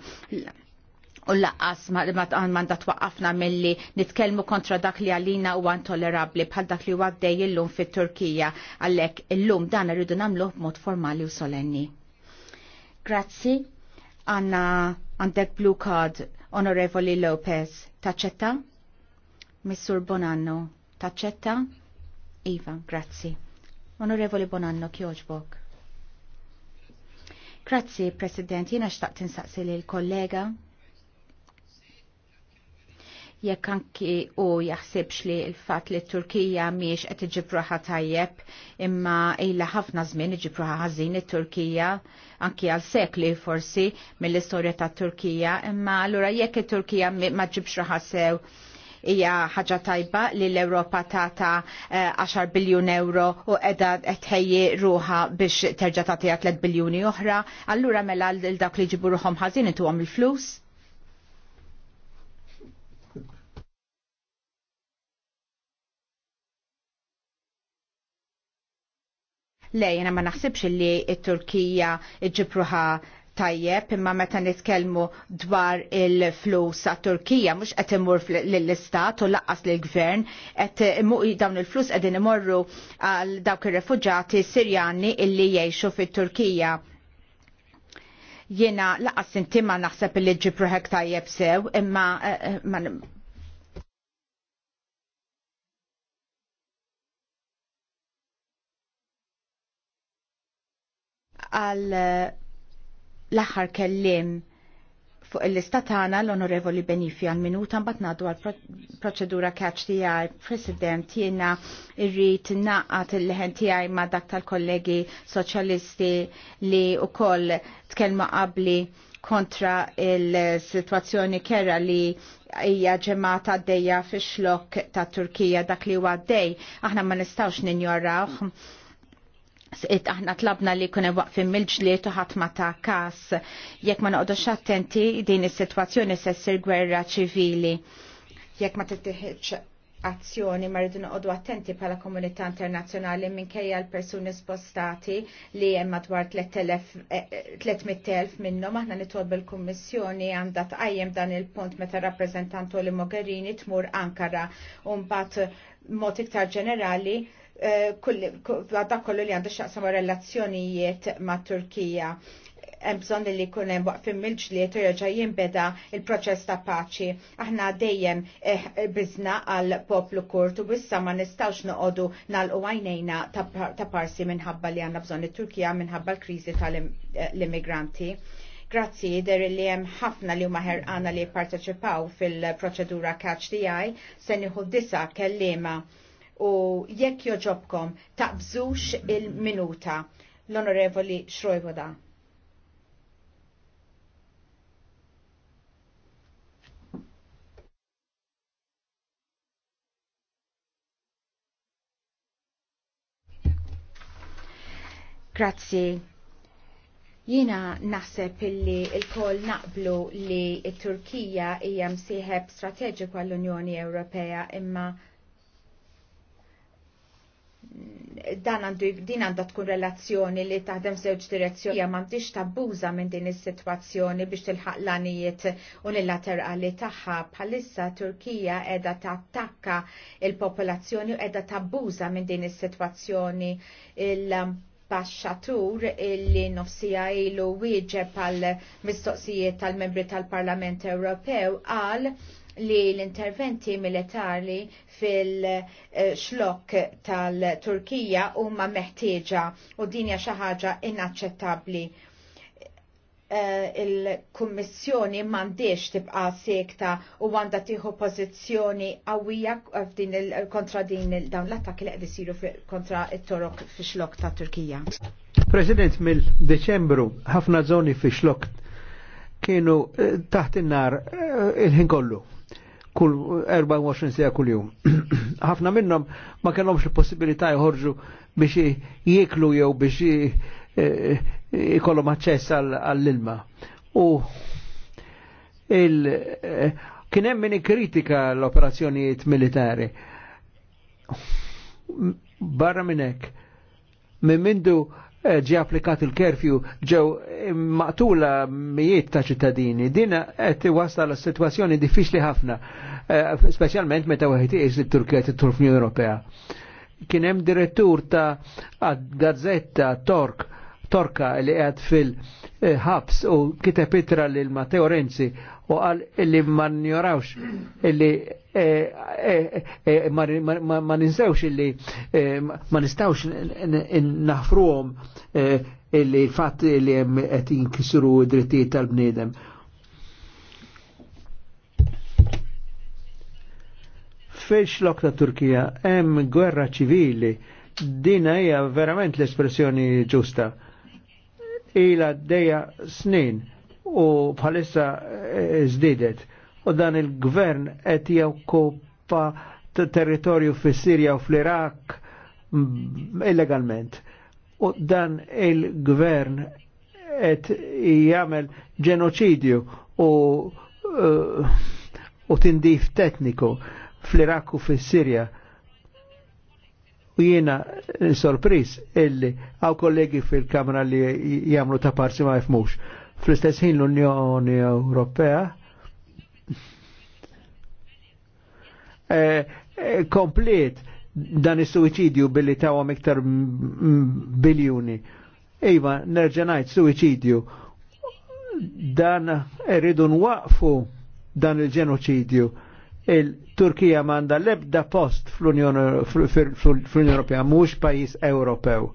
u laqqas manda twaqqafna mill-li nitkelmu kontra dak li għalina u intollerabli bħal dak li għaddej illum fit turkija għallek illum dan rridu namluħ b'mod formali u solenni. Grazzi, għanna għandek blue card Onorevoli Lopez, taċċetta? Missur Bonanno, taċċetta? Iva, grazzi. Onorevoli Bonanno, kjoġbok. Grazzi, President, jina xtaqt insaqsi l-kollega jekk anki u jaħsibx li l-fat li Turkija miex qed iġibruħa tajjeb imma ilha ħafna żmien iġibruħa ħażin it-Turkija anki għal sekli forsi mill-istorja ta' Turkija imma allura jekk it-Turkija ma ġibx raħa sew hija ħaġa tajba li l-Ewropa tata 10 eh, biljun euro u edha tħejji ruħa biex terġa' tagħtiha 3 biljuni oħra, allura mela l dak li ġibu ruħhom ħażin intuhom il-flus? Lejna ma naħsibx li il turkija iġibruħa tajjeb imma meta nitkellmu dwar il-flus ta' Turkija mhux qed imur lill-istat u laqqas lill gvern qed dawn il-flus qegħdin imorru għal dawk ir-refuġati Sirjani illi jgħixu fit-Turkija. Jiena laqqas inti ma naħseb li ġibruħek tajjeb sew imma eh, eh, għal eh, l-aħħar kellim fuq il istatana l-Onorevoli Benifi għal minuta mbagħad ngħaddu għal proċedura catch tiegħi President jiena irrit naqgħat il liħen tiegħi ma' dak tal-kollegi soċjalisti li wkoll tkellma qabli kontra il-situazzjoni kera li hija ġemata għaddejja fix-xlok ta' Turkija dak li huwa għaddej aħna ma nistgħux ninjorawh aħna tlabna li kunem waqfin mil-ġliet u ħatma ta' kas jekk ma noqdux attenti din is-sitwazzjoni se ssir gwerra ċivili. Jekk ma tittieħedx azzjoni ma rridu noqogħdu attenti bħala komunità internazzjonali minkejja l-persuni spostati li hemm madwar 300,000 eh, eh, minnhom aħna nitolb il-Kummissjoni għandha tqajjem dan il-punt meta rappreżentantu li Mogherini tmur Ankara u mbagħad mod iktar ġenerali Eh, dak kollu li għandu xaqsam relazzjonijiet ma' Turkija hemm bżonn li jkun hemm waqfim mill-ġlied jerġa' jinbeda il-proċess ta' paċi. Aħna dejjem eh, biżna għal poplu kurt u issa ma nistgħux noqogħdu nagħlqu għajnejna ta' parsi minħabba li għandna bżonn it-Turkija minħabba l-kriżi tal-immigranti. Eh, Grazzi, der li hemm ħafna li huma ħerqana li jipparteċipaw fil-proċedura catch DI se nieħu disa kellima u jekk joġobkom taqbżux il-minuta l-Onorevoli Xrojvoda. Grazzi. Jina naħseb illi il-kol naqblu li il-Turkija hija msieħeb strategiku għall-Unjoni Ewropea imma dan għandu din għandha tkun relazzjoni li taħdem żewġ direzzjoni ma m'għandix tabbuża minn din is-sitwazzjoni biex tilħaq l-anijiet unilaterali tagħha bħalissa Turkija qiegħda tattakka il-popolazzjoni u qiegħda tabbuża minn din is-sitwazzjoni il baxxatur illi nofsija ilu wieġeb għal mistoqsijiet tal-membri tal-Parlament Ewropew għal li l-interventi militari fil-xlok tal-Turkija huma meħtieġa u dinja xi ħaġa inaċċettabbli. Eh, il-Kummissjoni mandiex tibqa sekta u għanda tieħu pożizzjoni qawwija f'din kontra din dawn l-attakki li qed isiru kontra t torok fix xlok ta' Turkija. President mill-Deċembru ħafna żoni fix xlok kienu eh, taħt in-nar eh, il-ħin kollu kull 24 sija kull jum. ħafna minnhom ma kellhomx il-possibilità jħorġu biex jieklu jew biex e- e- ikollhom aċċess għall-ilma. U kien hemm min kritika l-operazzjonijiet militari. Barra minn hekk, minn mindu Eh, ġi applikat il-kerfju ġew maqtula mijiet ta' ċittadini. Din qed wasla la situazzjoni diffiċli ħafna, eh, speċjalment meta wieħed iqis it-Turkija tit Ewropea. Kien hemm direttur ta' gazzetta Tork Torka li qed fil-ħabs u kiteb itra lil Matteo Renzi u qal li ma njorawx li Eh, eh, eh, ma ninsewx illi ma nistawx naħfruhom illi fatt li hemm qed jinkisru drittijiet tal-bniedem. Fiex lok ta' Turkija hemm gwerra ċivili dina hija verament l-espressjoni ġusta. Ila dejja snin u bħalissa żdiedet. E, u dan il-gvern qed jokkupa territorju fis-Sirja u fl-Irak illegalment. U dan il-gvern qed jagħmel ġenoċidju u eh, u tindif tekniku fl-Irak u fis-Sirja. U jiena sorpris illi għaw kollegi fil-Kamra li jagħmlu ta' parsi ma' jifmux. Fl-istess ħin l-Unjoni Ewropea komplet dan is-suicidju billi tawa iktar biljuni. Iva, nerġa' ngħid suicidju. Dan eridun nwaqfu dan il ġenocidju Il-Turkija manda lebda post fl-Unjoni Europea, mhux pajjiż Ewropew.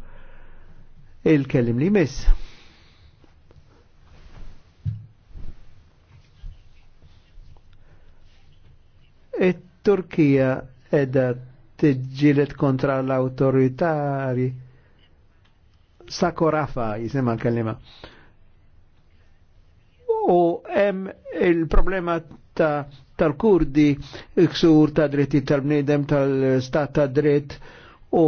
Il-kellim li miss. Turkija edha t-ġilet kontra l-autoritari sakorafa jisema l-kellima. U em il-problema ta' tal-Kurdi, iksur ta' dritti tal-bnidem tal-stat ta' dritt u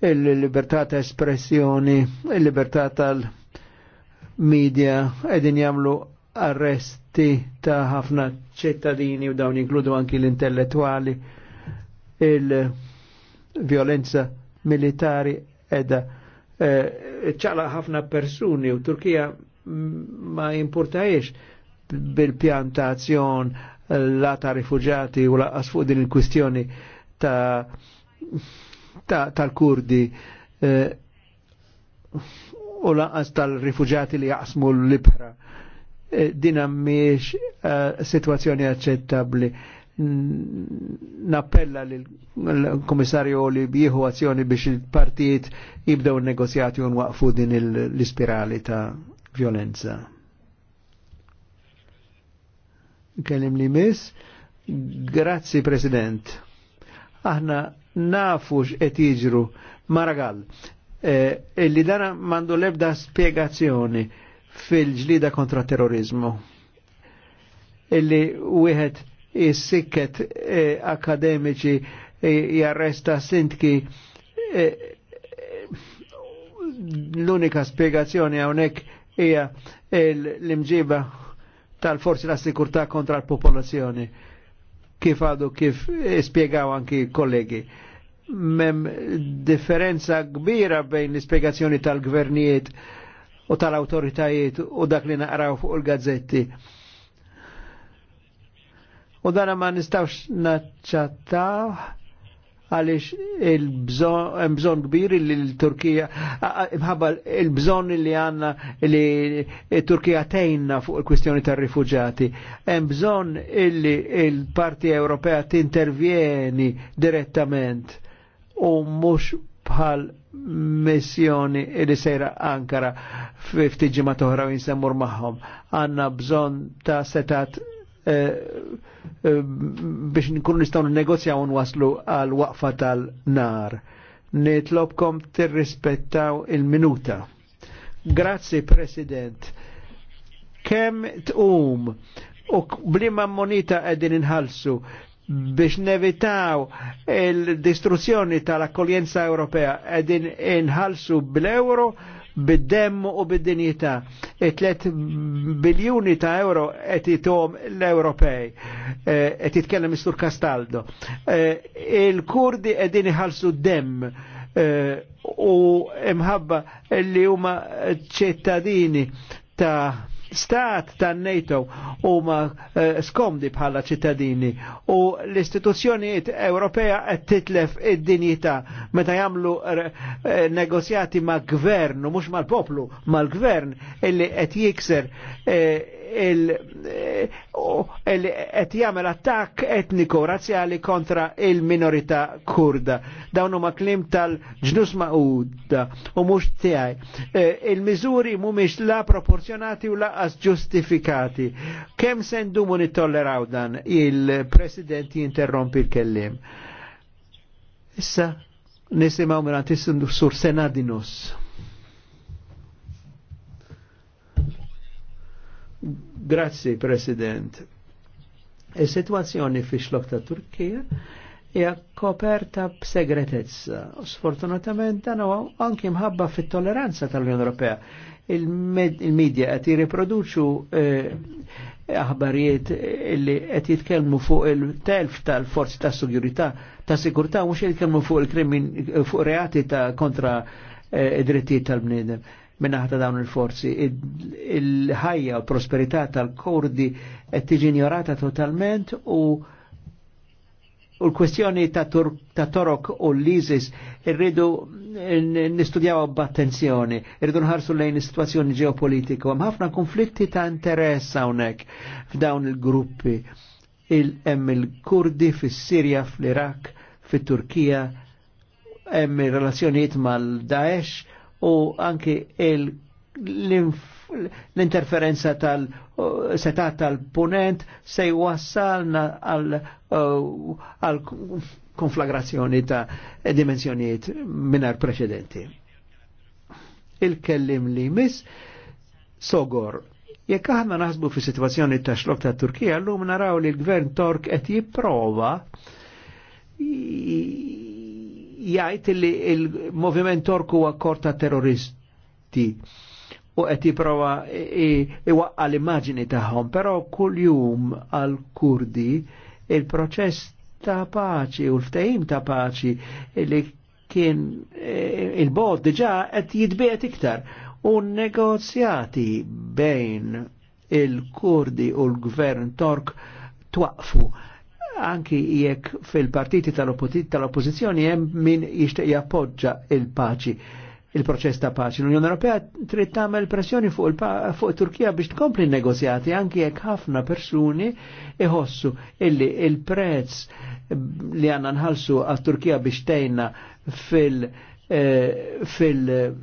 il libertà ta' espressjoni, il libertà tal-medja edin jamlu arresti ta' ħafna ċittadini u dawn inkludu anki l-intellettuali il-violenza militari edha eh, ċala e, ħafna persuni u Turkija ma importajiex bil-pjantazzjon la ta' rifugjati u laqqas fuq din il-kwistjoni ta' tal-Kurdi ta, eh, ta u laqqas tal-rifugjati li jaqsmu l-libħra Eh, dina miex eh, situazzjoni accettabli. Nappella l-Komissarju li bieħu azzjoni biex il-partijiet jibdew negozjati un waqfu din l-ispirali ta' violenza. Kellim li miss. Grazzi, President. Aħna nafux x'qed jiġru Maragall. Eh, illi dana mandu lebda spiegazzjoni fil-ġlida kontra terrorizmu. Illi u is jissikket eh, akademiċi eh, jarresta sintki eh, l-unika spiegazzjoni għonek hija l-imġiba tal-forzi la sikurta kontra l-popolazzjoni. Kif għadu kif spiegaw anki kollegi. Mem differenza kbira bejn l-spiegazzjoni tal-gvernijiet u tal-autoritajiet u dak li naqraw fuq il-gazzetti. U dana ma nistawx naċċattaw għalix il-bżon kbir li l-Turkija, imħabba il-bżon li għanna li Turkija tejna fuq il-kwistjoni tar rifugjati hemm bżon illi l parti Ewropea tintervjeni direttament u mux bħal missjoni li sejra Ankara f'tiġi ma toħra u jinsemmur maħħom. Għanna bżon ta' setat eh, eh, biex nkunu nistgħu negozjaw waslu għal waqfa tal-nar. Nitlobkom tirrispettaw il-minuta. Grazzi, President. Kem tqum u blimma monita qegħdin inħalsu biex nevitaw il-distruzzjoni tal-akkoljenza Ewropea edin inħalsu bl-euro bid-demm u bid-dinjità. Tlet biljuni ta' euro qed jitom l-Ewropej. Eh, qed jitkellem Mistur Kastaldo. Eh, Il-Kurdi qegħdin iħallsu demm eh, u imħabba li huma ċittadini ta' stat tan NATO huma eh, skomdi bħala ċittadini u l-istituzzjonijiet Ewropea qed titlef id-dinjità meta jagħmlu eh, eh, negozjati ma' gvern u mhux mal-poplu, mal-gvern illi qed jikser qed eh, jagħmel attakk etniku razzjali kontra il-minorità kurda. Dawn huma klim tal-ġnus maqud u mhux tiegħi. Eh, il-miżuri mhumiex la proporzjonati u laqas ġustifikati. Kemm se ndumu nittolleraw dan il-President jinterrompi l-kellim. Issa nisimgħu mingħand is sur Senadinus. Grazzi, President. Is-sitwazzjoni fi xlok ta' Turkija hija koperta b'segretezza. Sfortunatament dan anki mħabba fit-tolleranza tal-Unjoni Ewropea. Il-medja qed jirriproduċu eh, aħbarijiet eh, li qed jitkellmu fuq il-telf tal-forzi ta' sigurtà ta' sigurtà mhux jitkellmu fuq il-krimin fuq reati ta' kontra eh, id-drittijiet tal-bniedem minnaħta dawn il-forzi. Il-ħajja u prosperità tal-Kurdi qed tiġi ignorata totalment u u l-kwestjoni ta' Torok u l lizis irridu nistudjaw b'attenzjoni, irridu nħarsu lejn situazzjoni ġeopolitiku. hemm ħafna konflitti ta' interess hawnhekk f'dawn il-gruppi. Hemm il-Kurdi fis-Sirja, fl iraq fit-Turkija, hemm ir-relazzjonijiet mal-Daesh, u anki l-interferenza tal-setat tal-punent se jwassalna għal uh, konflagrazzjoni ta' dimensjoniet minar preċedenti. Il-kellim li mis Sogor. Jekk aħna naħsbu fi situazzjoni ta' xlok ta' Turkija, l-lum naraw li l-gvern Tork qed jipprova jgħid li il-moviment torku huwa korta terroristi u qed jipprova iwaqqa l-immaġini tagħhom, però kuljum għal kurdi il-proċess ta' paċi u l-ftehim ta' paċi li kien e, il-bod diġa qed jitbiet iktar u negozjati bejn il-Kurdi u l-Gvern Tork twaqfu anki jekk fil-partiti tal-oppozizjoni hemm min jixtieq jappoġġa il-paċi il-proċess ta' paċi. L-Unjoni Ewropea trid tagħmel pressjoni fuq fuq Turkija biex tkompli negozjati anki jekk ħafna persuni iħossu illi il-prezz li għandna nħalsu għal Turkija biex tejna fil- eh, fil-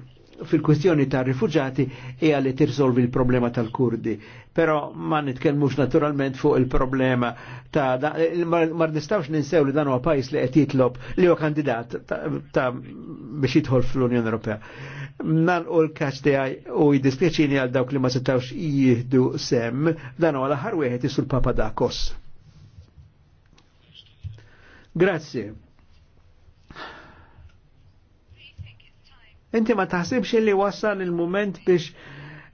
fil-kwestjoni ta' rifugġati hija li tirsolvi l-problema tal-Kurdi. Pero ma nitkellmux naturalment fuq il-problema ta' da, ma nistawx ninsew li dan huwa pajis li qed jitlob li huwa kandidat ta' biex jidħol fl-Unjoni Ewropea. Nan u l-kaċ u jidispieċini għal dawk li ma setawx jihdu sem, dan huwa l-aħħar wieħed isul Dakos. Grazie. Inti ma taħsibx li wassal il-moment biex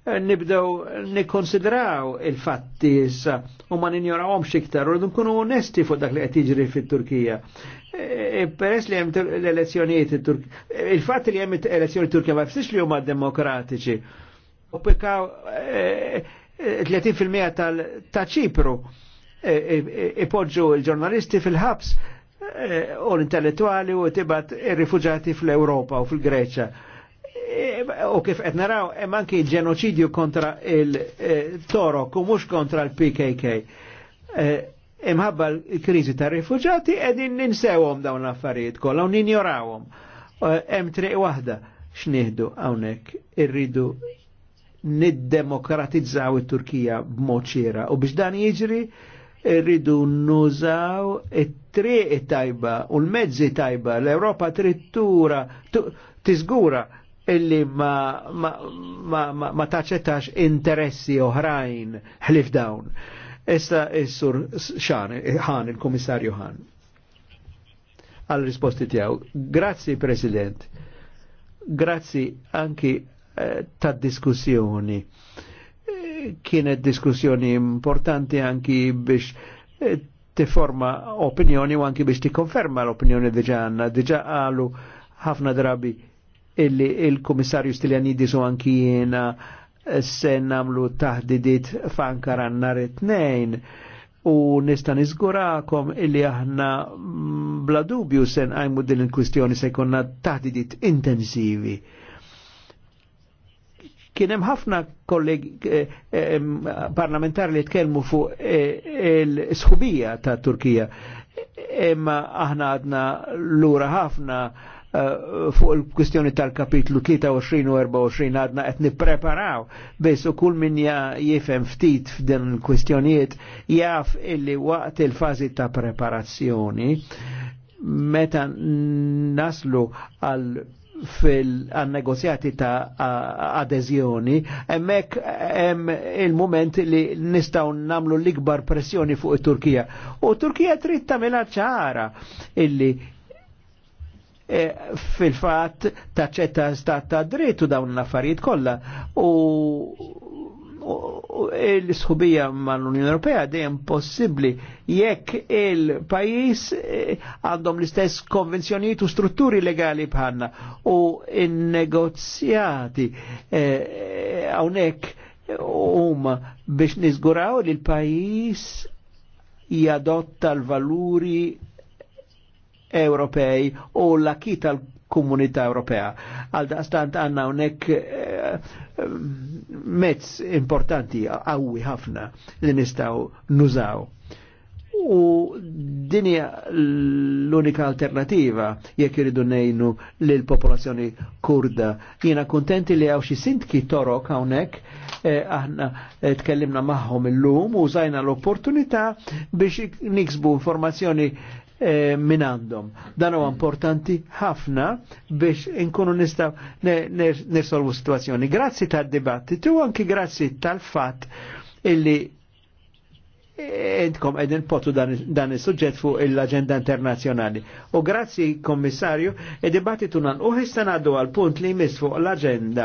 nibdew nikkonsidraw il-fatti issa u ma ninjorawhom xiktar u nkunu onesti fuq dak li qed jiġri fit-Turkija. E, e, peress li hemm l-elezzjonijiet il-fatt li hemm elezzjoni Turkija ma li huma demokratiċi. U pikaw 30% e, tal ta' Ċipru ipoġġu il-ġurnalisti fil-ħabs u l-intellettuali u tibat ir-rifuġati fl-Ewropa u fil-Greċja u kif qed naraw hemm anki ġenoċidju kontra il-toro u mhux kontra l-PKK. Eh, imħabba l-kriżi ta' rifuġati qegħdin ninsewhom dawn l-affarijiet kollha u ninjorawhom. Eh, hemm triq waħda x'nieħdu hawnhekk irridu niddemokratizzaw it-Turkija b'mod ċira u biex dan jiġri rridu nużaw it-triq tajba u l-mezzi tajba l ewropa trittura tiżgura illi ma, ma, ma, ma, ma taċċettax interessi oħrajn ħlif dawn. Issa is-sur xan, ħan, il-komissarju ħan. Għal risposti tiegħu. Grazzi, President. Grazzi anki eh, tad diskussjoni. Eh, kienet diskussjoni importanti anki biex eh, tiforma opinjoni u anki biex tikkonferma l-opinjoni diġa għanna. Diġa għalu ħafna drabi illi il-Komissarju Stiljanidis u anki jena eh, se namlu taħdidit fankar nhar it-tnejn u nista' nizgurakom illi aħna mm, bla dubju sen għajmu din il-kwistjoni se konna taħdidit intensivi kien hemm ħafna kolleg eh, eh, mm, parlamentari li tkellmu fuq il-sħubija ta' Turkija. Imma aħna għadna l-ura ħafna Eh, fuq il-kwistjoni tal-kapitlu 23 u 24 għadna qed nippreparaw biss u kull min jifem ftit f'din il-kwistjonijiet jaf illi waqt il-fażi ta' preparazzjoni meta naslu għal fil-negozjati ta' adezjoni, emmek em, il-moment li nistaw namlu l-ikbar pressjoni fuq il-Turkija. U Turkija trid tagħmilha ċara illi E, fil-fat taċċetta stat ta' drittu dawn l-affarijiet kollha u l-sħubija l unjoni Ewropea dejjem possibbli jekk il-pajis e, għandhom l-istess konvenzjonijiet u strutturi legali bħalna u n negozjati e, hawnhekk huma biex niżguraw li l-pajis jadotta l-valuri Ewropej u l-aki tal-Komunità Ewropea. Għal daqstant għanna unek eh, mezz importanti għawi ħafna li nistaw nużaw. U dinja l-unika alternativa jekk iridu nejnu l popolazzjoni kurda. Jiena kontenti li għaw xi sintki torok hawnhekk eh, aħna eh, tkellimna magħhom illum u zajna l-opportunità biex niksbu informazzjoni min eh, minn għandhom. Dan huwa importanti ħafna biex inkunu nistaw nirsolvu situazzjoni. Grazzi tad-dibattitu anki grazzi tal-fatt illi edkom edin potu dan, il-sujġet fuq l-agenda internazjonali. U grazzi, kommissarju, id-dibattitu e nan uħistan għaddu għal-punt li jmiss fuq l-agenda.